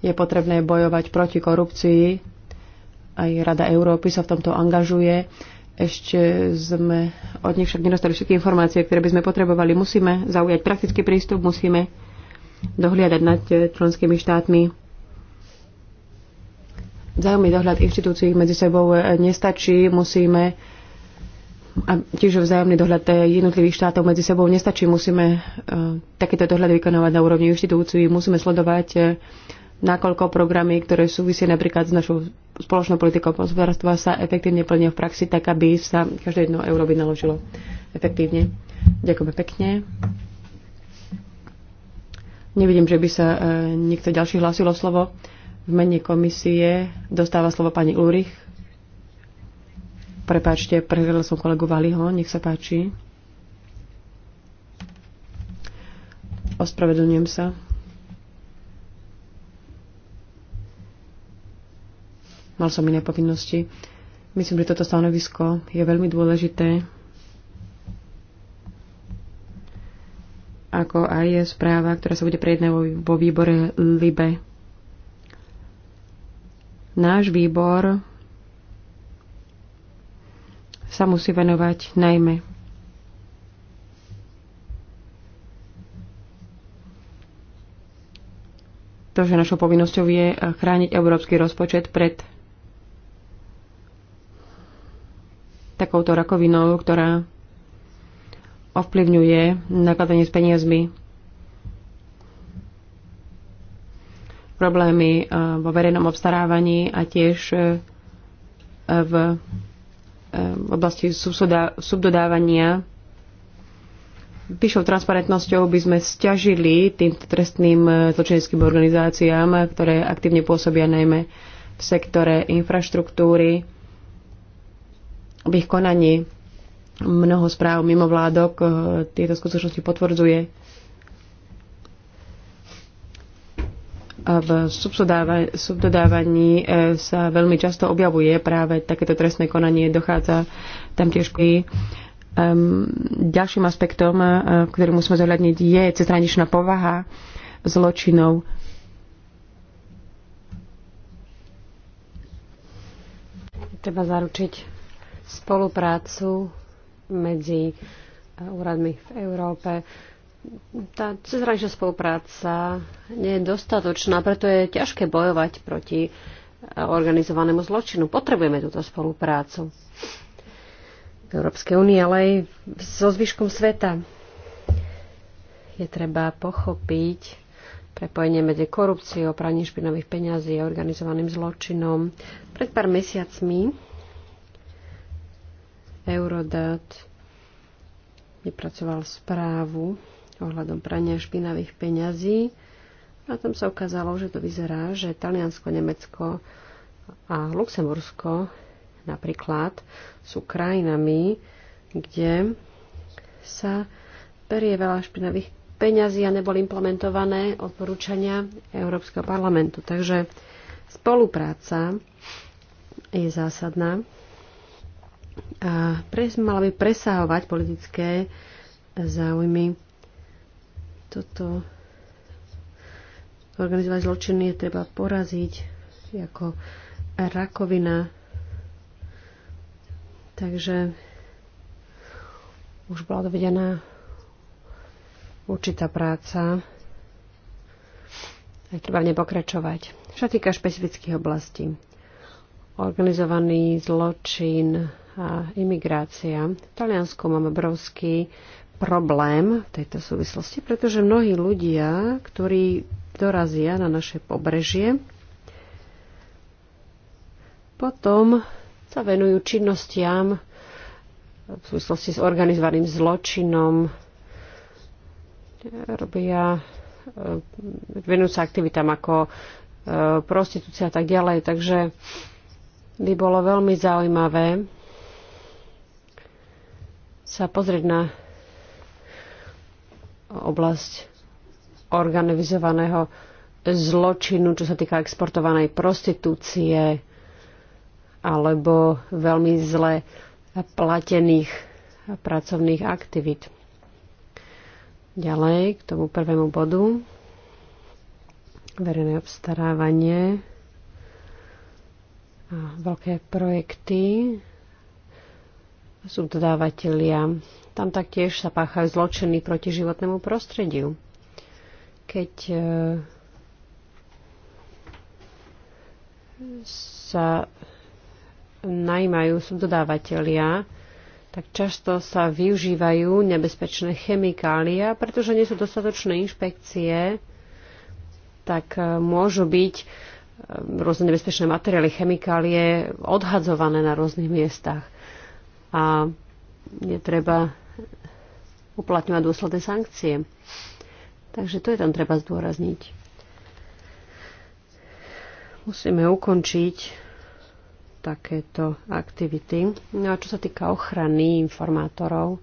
je potrebné bojovať proti korupcii. Aj Rada Európy sa v tomto angažuje. Ešte sme od nich však nedostali všetky informácie, ktoré by sme potrebovali. Musíme zaujať praktický prístup, musíme dohliadať nad e, členskými štátmi Vzájomný dohľad inštitúcií medzi sebou e, nestačí, musíme a tiež vzájomný dohľad e, jednotlivých štátov medzi sebou nestačí. Musíme e, takéto dohľady vykonávať na úrovni inštitúcií, musíme sledovať nakoľko programy, ktoré súvisia napríklad s našou spoločnou politikou hospodárstva, sa efektívne plnia v praxi, tak aby sa každé jedno euro vynaložilo efektívne. Ďakujeme pekne. Nevidím, že by sa niekto ďalší hlásil o slovo. V mene komisie dostáva slovo pani Ulrich. Prepáčte, prehľadala som kolegu Valiho, nech sa páči. Ospravedlňujem sa. Mal som iné povinnosti. Myslím, že toto stanovisko je veľmi dôležité. Ako aj je správa, ktorá sa bude prejednávať vo výbore LIBE Náš výbor sa musí venovať najmä to, že našou povinnosťou je chrániť európsky rozpočet pred takouto rakovinou, ktorá ovplyvňuje nakladanie s peniazmi problémy eh, vo verejnom obstarávaní a tiež eh, eh, v oblasti subdodávania. Vyššou transparentnosťou by sme stiažili týmto trestným zločineckým organizáciám, ktoré aktívne pôsobia najmä v sektore infraštruktúry, v ich konaní mnoho správ mimovládok tieto skutočnosti potvrdzuje. v subdodávaní e, sa veľmi často objavuje práve takéto trestné konanie, dochádza tam tiež k e, ďalším aspektom, e, ktorý musíme zohľadniť, je cestraničná povaha zločinov. Treba zaručiť spoluprácu medzi úradmi v Európe tá cezhraničná spolupráca nie je dostatočná, preto je ťažké bojovať proti e, organizovanému zločinu. Potrebujeme túto spoluprácu v Európskej únii, ale aj so zvyškom sveta. Je treba pochopiť prepojenie medzi korupciou, praním špinavých peňazí a organizovaným zločinom. Pred pár mesiacmi Eurodat vypracoval správu ohľadom prania špinavých peňazí. A tam sa ukázalo, že to vyzerá, že Taliansko, Nemecko a Luxembursko napríklad sú krajinami, kde sa perie veľa špinavých peňazí a neboli implementované odporúčania Európskeho parlamentu. Takže spolupráca je zásadná a pres, mala by presahovať politické záujmy toto organizovať zločiny je treba poraziť ako rakovina. Takže už bola dovedená určitá práca aj treba v nej pokračovať. Čo týka špecifických oblastí, organizovaný zločin a imigrácia. V Taliansku máme obrovský problém v tejto súvislosti, pretože mnohí ľudia, ktorí dorazia na naše pobrežie, potom sa venujú činnostiam v súvislosti s organizovaným zločinom, robia, e, venujú sa aktivitám ako e, prostitúcia a tak ďalej. Takže by bolo veľmi zaujímavé sa pozrieť na oblasť organizovaného zločinu, čo sa týka exportovanej prostitúcie alebo veľmi zle platených pracovných aktivít. Ďalej k tomu prvému bodu. Verejné obstarávanie a veľké projekty sú dodávateľia. Tam taktiež sa páchajú zločiny proti životnému prostrediu. Keď e, sa najímajú subdodávateľia, tak často sa využívajú nebezpečné chemikália, pretože nie sú dostatočné inšpekcie, tak e, môžu byť e, rôzne nebezpečné materiály, chemikálie odhadzované na rôznych miestach a je treba uplatňovať dôsledné sankcie. Takže to je tam treba zdôrazniť. Musíme ukončiť takéto aktivity. No a čo sa týka ochrany informátorov,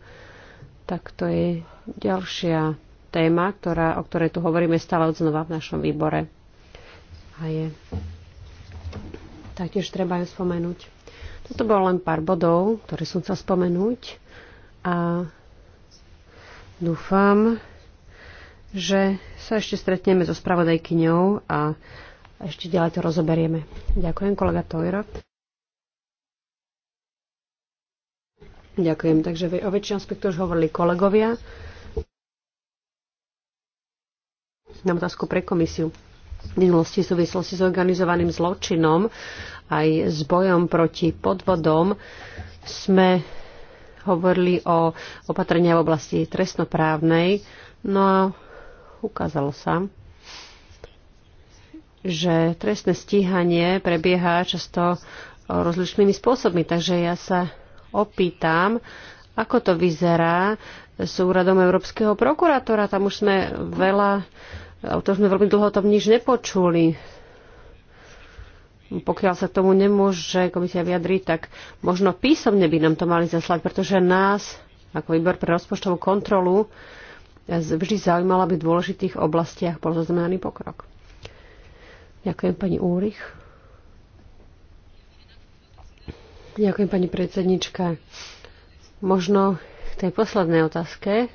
tak to je ďalšia téma, ktorá, o ktorej tu hovoríme stále odznova v našom výbore. A je taktiež treba ju spomenúť. Toto bolo len pár bodov, ktoré som chcel spomenúť a dúfam, že sa ešte stretneme so spravodajkyňou a ešte ďalej to rozoberieme. Ďakujem, kolega Tojro. Ďakujem. Takže o väčšine aspektu už hovorili kolegovia. Na otázku pre komisiu minulosti v súvislosti s organizovaným zločinom aj s bojom proti podvodom sme hovorili o opatrenia v oblasti trestnoprávnej. No a ukázalo sa, že trestné stíhanie prebieha často rozličnými spôsobmi. Takže ja sa opýtam, ako to vyzerá s úradom Európskeho prokurátora. Tam už sme veľa a to sme veľmi dlho o tom nič nepočuli. Pokiaľ sa tomu nemôže komisia vyjadriť, tak možno písomne by nám to mali zaslať, pretože nás, ako výbor pre rozpočtovú kontrolu, vždy zaujímala by v dôležitých oblastiach bol zaznamenaný pokrok. Ďakujem pani Úrich. Ďakujem pani predsednička. Možno k tej poslednej otázke,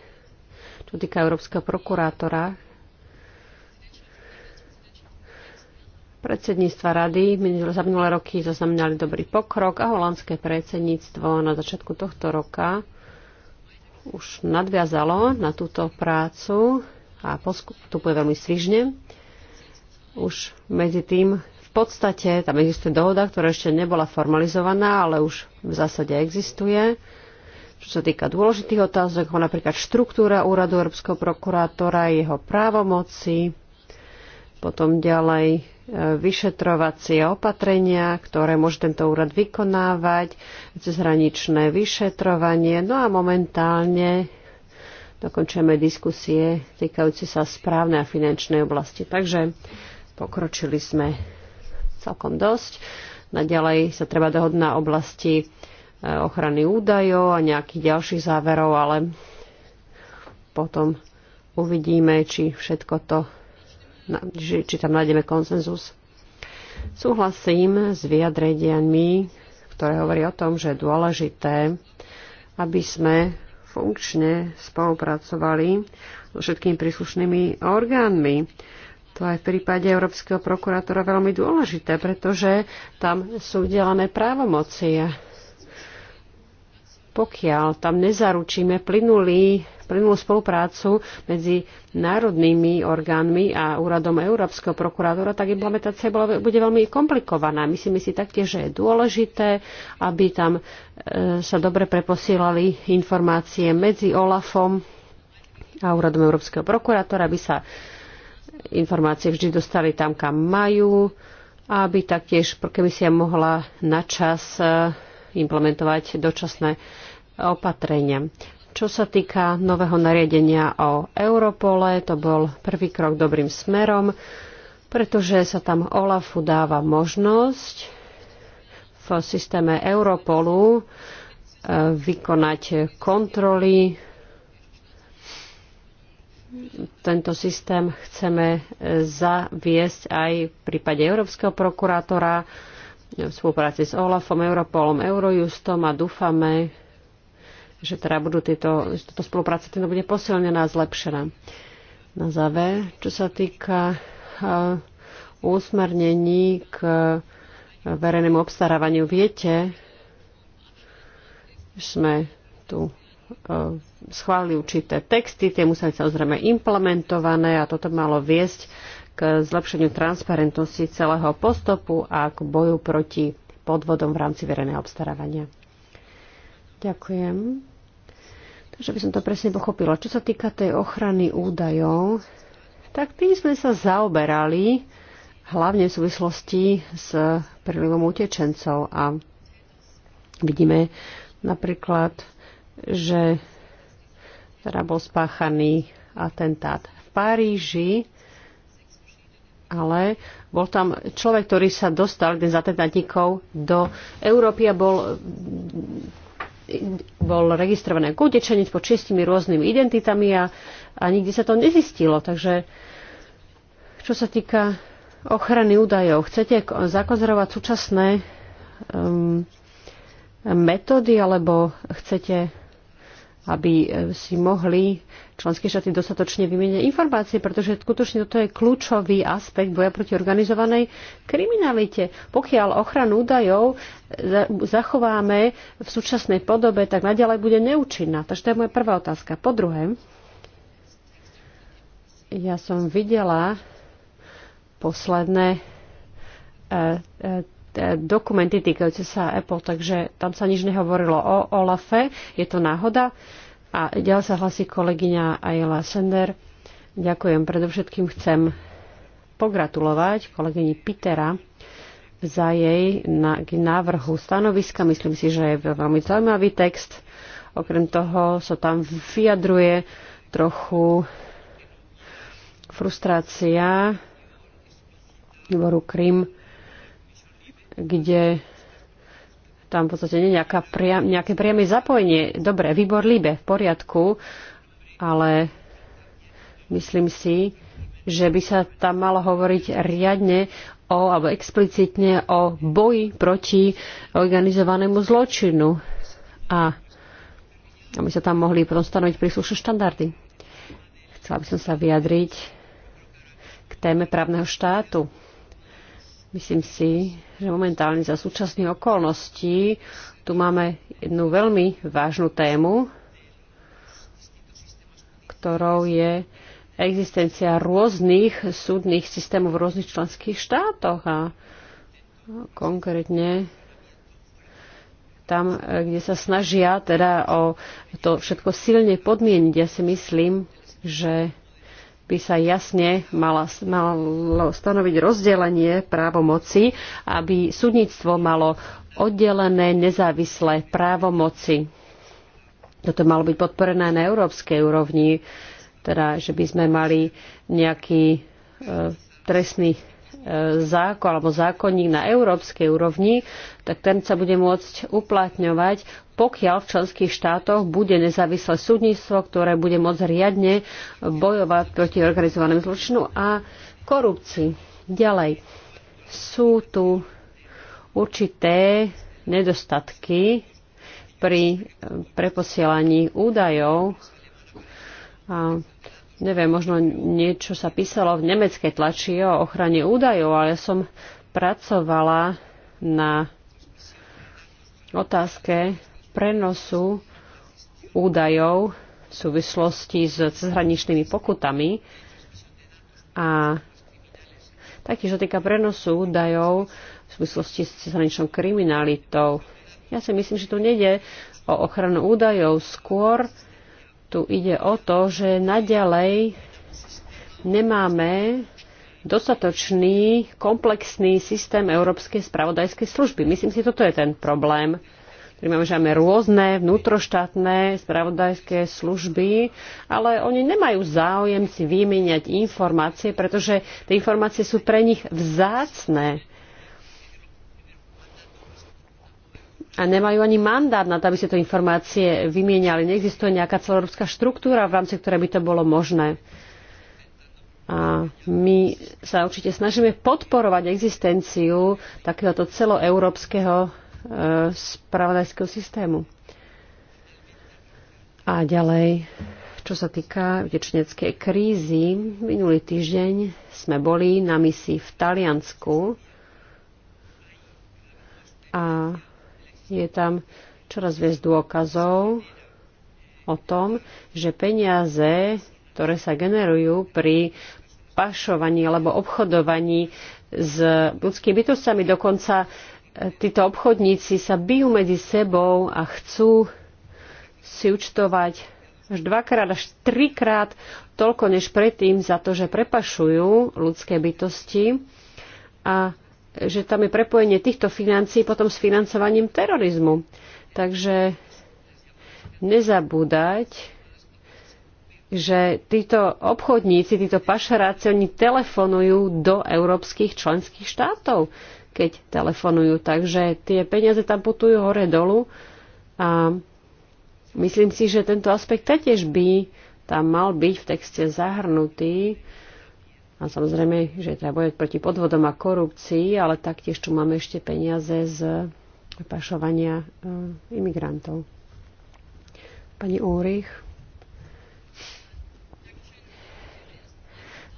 čo týka Európskeho prokurátora, Predsedníctva rady za minulé roky zaznamenali dobrý pokrok a holandské predsedníctvo na začiatku tohto roka už nadviazalo na túto prácu a postupuje veľmi svižne. Už medzi tým v podstate tam existuje dohoda, ktorá ešte nebola formalizovaná, ale už v zásade existuje. Čo sa týka dôležitých otázok, ako napríklad štruktúra úradu Európskeho prokurátora, jeho právomoci, potom ďalej vyšetrovacie opatrenia, ktoré môže tento úrad vykonávať, cezhraničné vyšetrovanie. No a momentálne dokončujeme diskusie týkajúce sa správnej a finančnej oblasti. Takže pokročili sme celkom dosť. Naďalej sa treba dohodnúť na oblasti e, ochrany údajov a nejakých ďalších záverov, ale potom uvidíme, či všetko to či, či tam nájdeme konsenzus. Súhlasím s vyjadreniami, ktoré hovorí o tom, že je dôležité, aby sme funkčne spolupracovali so všetkými príslušnými orgánmi. To aj v prípade Európskeho prokurátora veľmi dôležité, pretože tam sú udelané právomoci pokiaľ tam nezaručíme plynulý, plynulú spoluprácu medzi národnými orgánmi a úradom Európskeho prokurátora, tak implementácia bola, bude veľmi komplikovaná. Myslíme si taktiež, že je dôležité, aby tam e, sa dobre preposielali informácie medzi OLAFom a úradom Európskeho prokurátora, aby sa informácie vždy dostali tam, kam majú, aby taktiež komisia mohla načas e, implementovať dočasné opatrenia. Čo sa týka nového nariadenia o Europole, to bol prvý krok dobrým smerom, pretože sa tam OLAFu dáva možnosť v systéme Europolu e, vykonať kontroly. Tento systém chceme e, zaviesť aj v prípade Európskeho prokurátora v spolupráci s OLAFom, Europolom, Eurojustom a dúfame, že teda budú tieto, že spolupráca týmto teda bude posilnená a zlepšená. Na záver, čo sa týka e, uh, úsmernení k uh, verejnému obstarávaniu, viete, sme tu uh, schválili určité texty, tie museli samozrejme implementované a toto malo viesť k zlepšeniu transparentnosti celého postupu a k boju proti podvodom v rámci verejného obstarávania. Ďakujem. Takže by som to presne pochopila. Čo sa týka tej ochrany údajov, tak tým sme sa zaoberali hlavne v súvislosti s prílivom utečencov a vidíme napríklad, že teda bol spáchaný atentát v Paríži ale bol tam človek, ktorý sa dostal, jeden z atentátnikov, do Európy a bol, bol registrovaný ako utečenec pod čistými rôznymi identitami a, a nikdy sa to nezistilo. Takže čo sa týka ochrany údajov, chcete zakonzerovať súčasné um, metódy alebo chcete aby e, si mohli členské štáty dostatočne vymeniať informácie, pretože skutočne toto je kľúčový aspekt boja proti organizovanej kriminalite. Pokiaľ ochranu údajov e, zachováme v súčasnej podobe, tak naďalej bude neúčinná. Takže to je moja prvá otázka. Po druhé, ja som videla posledné e, E, dokumenty týkajúce sa Apple, takže tam sa nič nehovorilo o Olafe. Je to náhoda. A ďalej sa hlasí kolegyňa Ayla Sender. Ďakujem. Predovšetkým chcem pogratulovať kolegyni Pitera za jej na, k návrhu stanoviska. Myslím si, že je veľmi zaujímavý text. Okrem toho sa so tam vyjadruje trochu frustrácia výboru Krym kde tam v podstate nie je priam, nejaké priame zapojenie. Dobre, výbor líbe, v poriadku, ale myslím si, že by sa tam malo hovoriť riadne o, alebo explicitne o boji proti organizovanému zločinu. A aby sa tam mohli potom stanoviť príslušné štandardy. Chcela by som sa vyjadriť k téme právneho štátu. Myslím si, že momentálne za súčasných okolností tu máme jednu veľmi vážnu tému, ktorou je existencia rôznych súdnych systémov v rôznych členských štátoch a konkrétne tam, kde sa snažia teda o to všetko silne podmieniť. Ja si myslím, že by sa jasne mala, malo stanoviť rozdelenie právomoci, aby súdnictvo malo oddelené nezávislé právomoci. Toto malo byť podporené na európskej úrovni, teda že by sme mali nejaký e, trestný zákon alebo zákonník na európskej úrovni, tak ten sa bude môcť uplatňovať, pokiaľ v členských štátoch bude nezávislé súdnictvo, ktoré bude môcť riadne bojovať proti organizovanému zločinu a korupcii. Ďalej, sú tu určité nedostatky pri preposielaní údajov. A neviem, možno niečo sa písalo v nemeckej tlači o ochrane údajov, ale ja som pracovala na otázke prenosu údajov v súvislosti s cezhraničnými pokutami a taktiež sa týka prenosu údajov v súvislosti s cezhraničnou kriminalitou. Ja si myslím, že tu nejde o ochranu údajov, skôr tu ide o to, že naďalej nemáme dostatočný komplexný systém Európskej spravodajskej služby. Myslím si, toto je ten problém, ktorý máme, že máme rôzne vnútroštátne spravodajské služby, ale oni nemajú záujem si vymieňať informácie, pretože tie informácie sú pre nich vzácne. a nemajú ani mandát na to, aby si to informácie vymieniali. Neexistuje nejaká celoeurópska štruktúra, v rámci ktorej by to bolo možné. A my sa určite snažíme podporovať existenciu takéhoto celoeurópskeho e, spravodajského systému. A ďalej, čo sa týka utečeneckej krízy, minulý týždeň sme boli na misii v Taliansku a je tam čoraz viac dôkazov o tom, že peniaze, ktoré sa generujú pri pašovaní alebo obchodovaní s ľudskými bytostami, dokonca e, títo obchodníci sa bijú medzi sebou a chcú si účtovať až dvakrát, až trikrát toľko než predtým za to, že prepašujú ľudské bytosti. A že tam je prepojenie týchto financií potom s financovaním terorizmu. Takže nezabúdať, že títo obchodníci, títo pašeráci, oni telefonujú do európskych členských štátov, keď telefonujú. Takže tie peniaze tam putujú hore dolu a myslím si, že tento aspekt taktiež by tam mal byť v texte zahrnutý, a samozrejme, že treba bojovať proti podvodom a korupcii, ale taktiež tu máme ešte peniaze z pašovania e, imigrantov. Pani Úrich.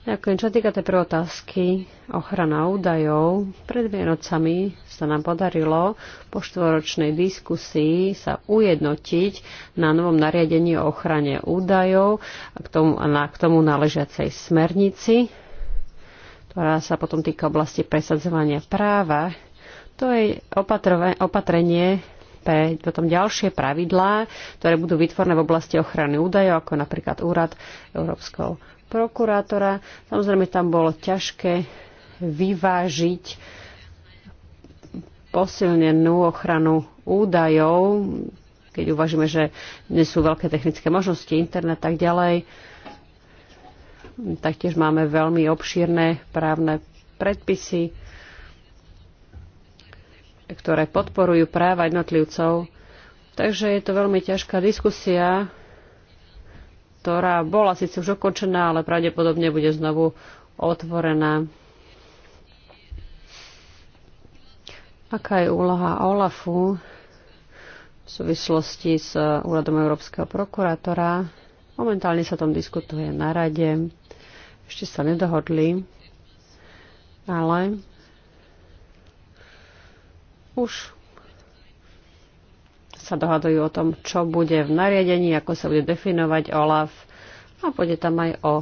Ďakujem. Čo týka tej prvé otázky, ochrana údajov. Pred Vienocami sa nám podarilo po štvoročnej diskusii sa ujednotiť na novom nariadení o ochrane údajov a k tomu, na, k tomu náležiacej smernici ktorá sa potom týka oblasti presadzovania práva. To je opatrenie pre potom ďalšie pravidlá, ktoré budú vytvorné v oblasti ochrany údajov, ako napríklad úrad Európskeho prokurátora. Samozrejme, tam bolo ťažké vyvážiť posilnenú ochranu údajov, keď uvažíme, že nie sú veľké technické možnosti, internet a tak ďalej. Taktiež máme veľmi obšírne právne predpisy, ktoré podporujú práva jednotlivcov. Takže je to veľmi ťažká diskusia, ktorá bola síce už okončená, ale pravdepodobne bude znovu otvorená. Aká je úloha OLAFu v súvislosti s úradom Európskeho prokurátora? Momentálne sa o tom diskutuje na rade. Ešte sa nedohodli, ale už sa dohadujú o tom, čo bude v nariadení, ako sa bude definovať OLAF a bude tam aj o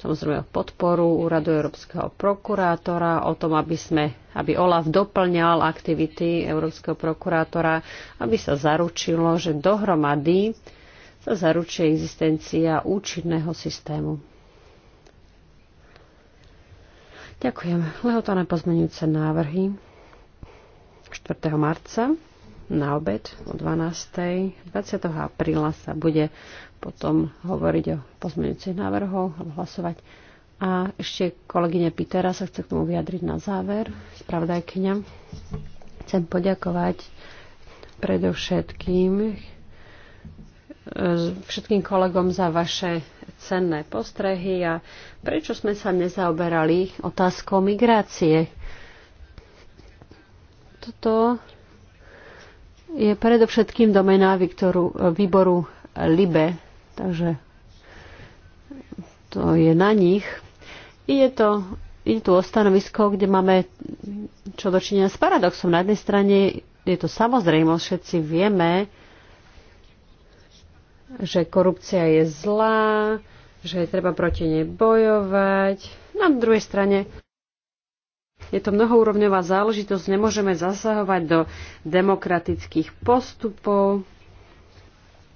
samozrejme o podporu úradu Európskeho prokurátora, o tom, aby, sme, aby OLAF doplňal aktivity Európskeho prokurátora, aby sa zaručilo, že dohromady sa zaručuje existencia účinného systému. Ďakujem. Lehota na pozmenujúce návrhy 4. marca na obed o 12. 20. apríla sa bude potom hovoriť o pozmenujúcich návrhoch a hlasovať. A ešte kolegyňa Pitera sa chce k tomu vyjadriť na záver, Spravdajkyňa. Chcem poďakovať predovšetkým E, všetkým kolegom za vaše cenné postrehy a prečo sme sa nezaoberali otázkou migrácie. Toto je predovšetkým domená Viktoru, e, výboru LIBE, takže to je na nich. Je to je tu o stanovisko, kde máme čo dočinenia s paradoxom. Na jednej strane je to samozrejmo, všetci vieme, že korupcia je zlá, že je treba proti nej bojovať. No, na druhej strane je to mnohoúrovňová záležitosť, nemôžeme zasahovať do demokratických postupov,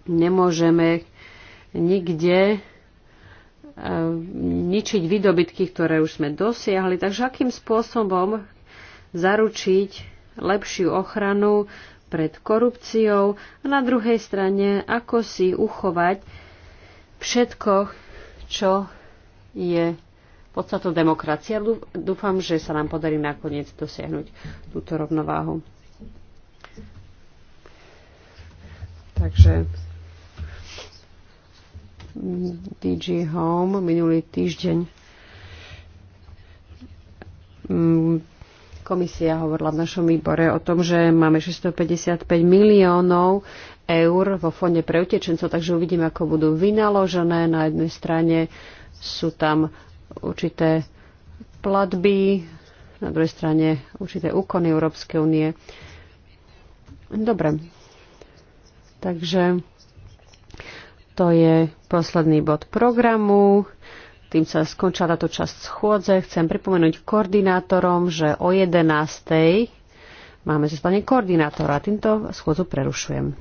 nemôžeme nikde e, ničiť výdobytky, ktoré už sme dosiahli. Takže akým spôsobom zaručiť lepšiu ochranu pred korupciou a na druhej strane, ako si uchovať všetko, čo je podstatou demokracia. Dúfam, že sa nám podarí nakoniec dosiahnuť túto rovnováhu. Takže DG Home minulý týždeň mm, Komisia hovorila v našom výbore o tom, že máme 655 miliónov eur vo fonde pre utečencov, takže uvidíme, ako budú vynaložené. Na jednej strane sú tam určité platby, na druhej strane určité úkony Európskej únie. Dobre. Takže to je posledný bod programu. Tým sa skončila táto časť schôdze. Chcem pripomenúť koordinátorom, že o 11.00 máme zostanie koordinátora. Týmto schôdzu prerušujem.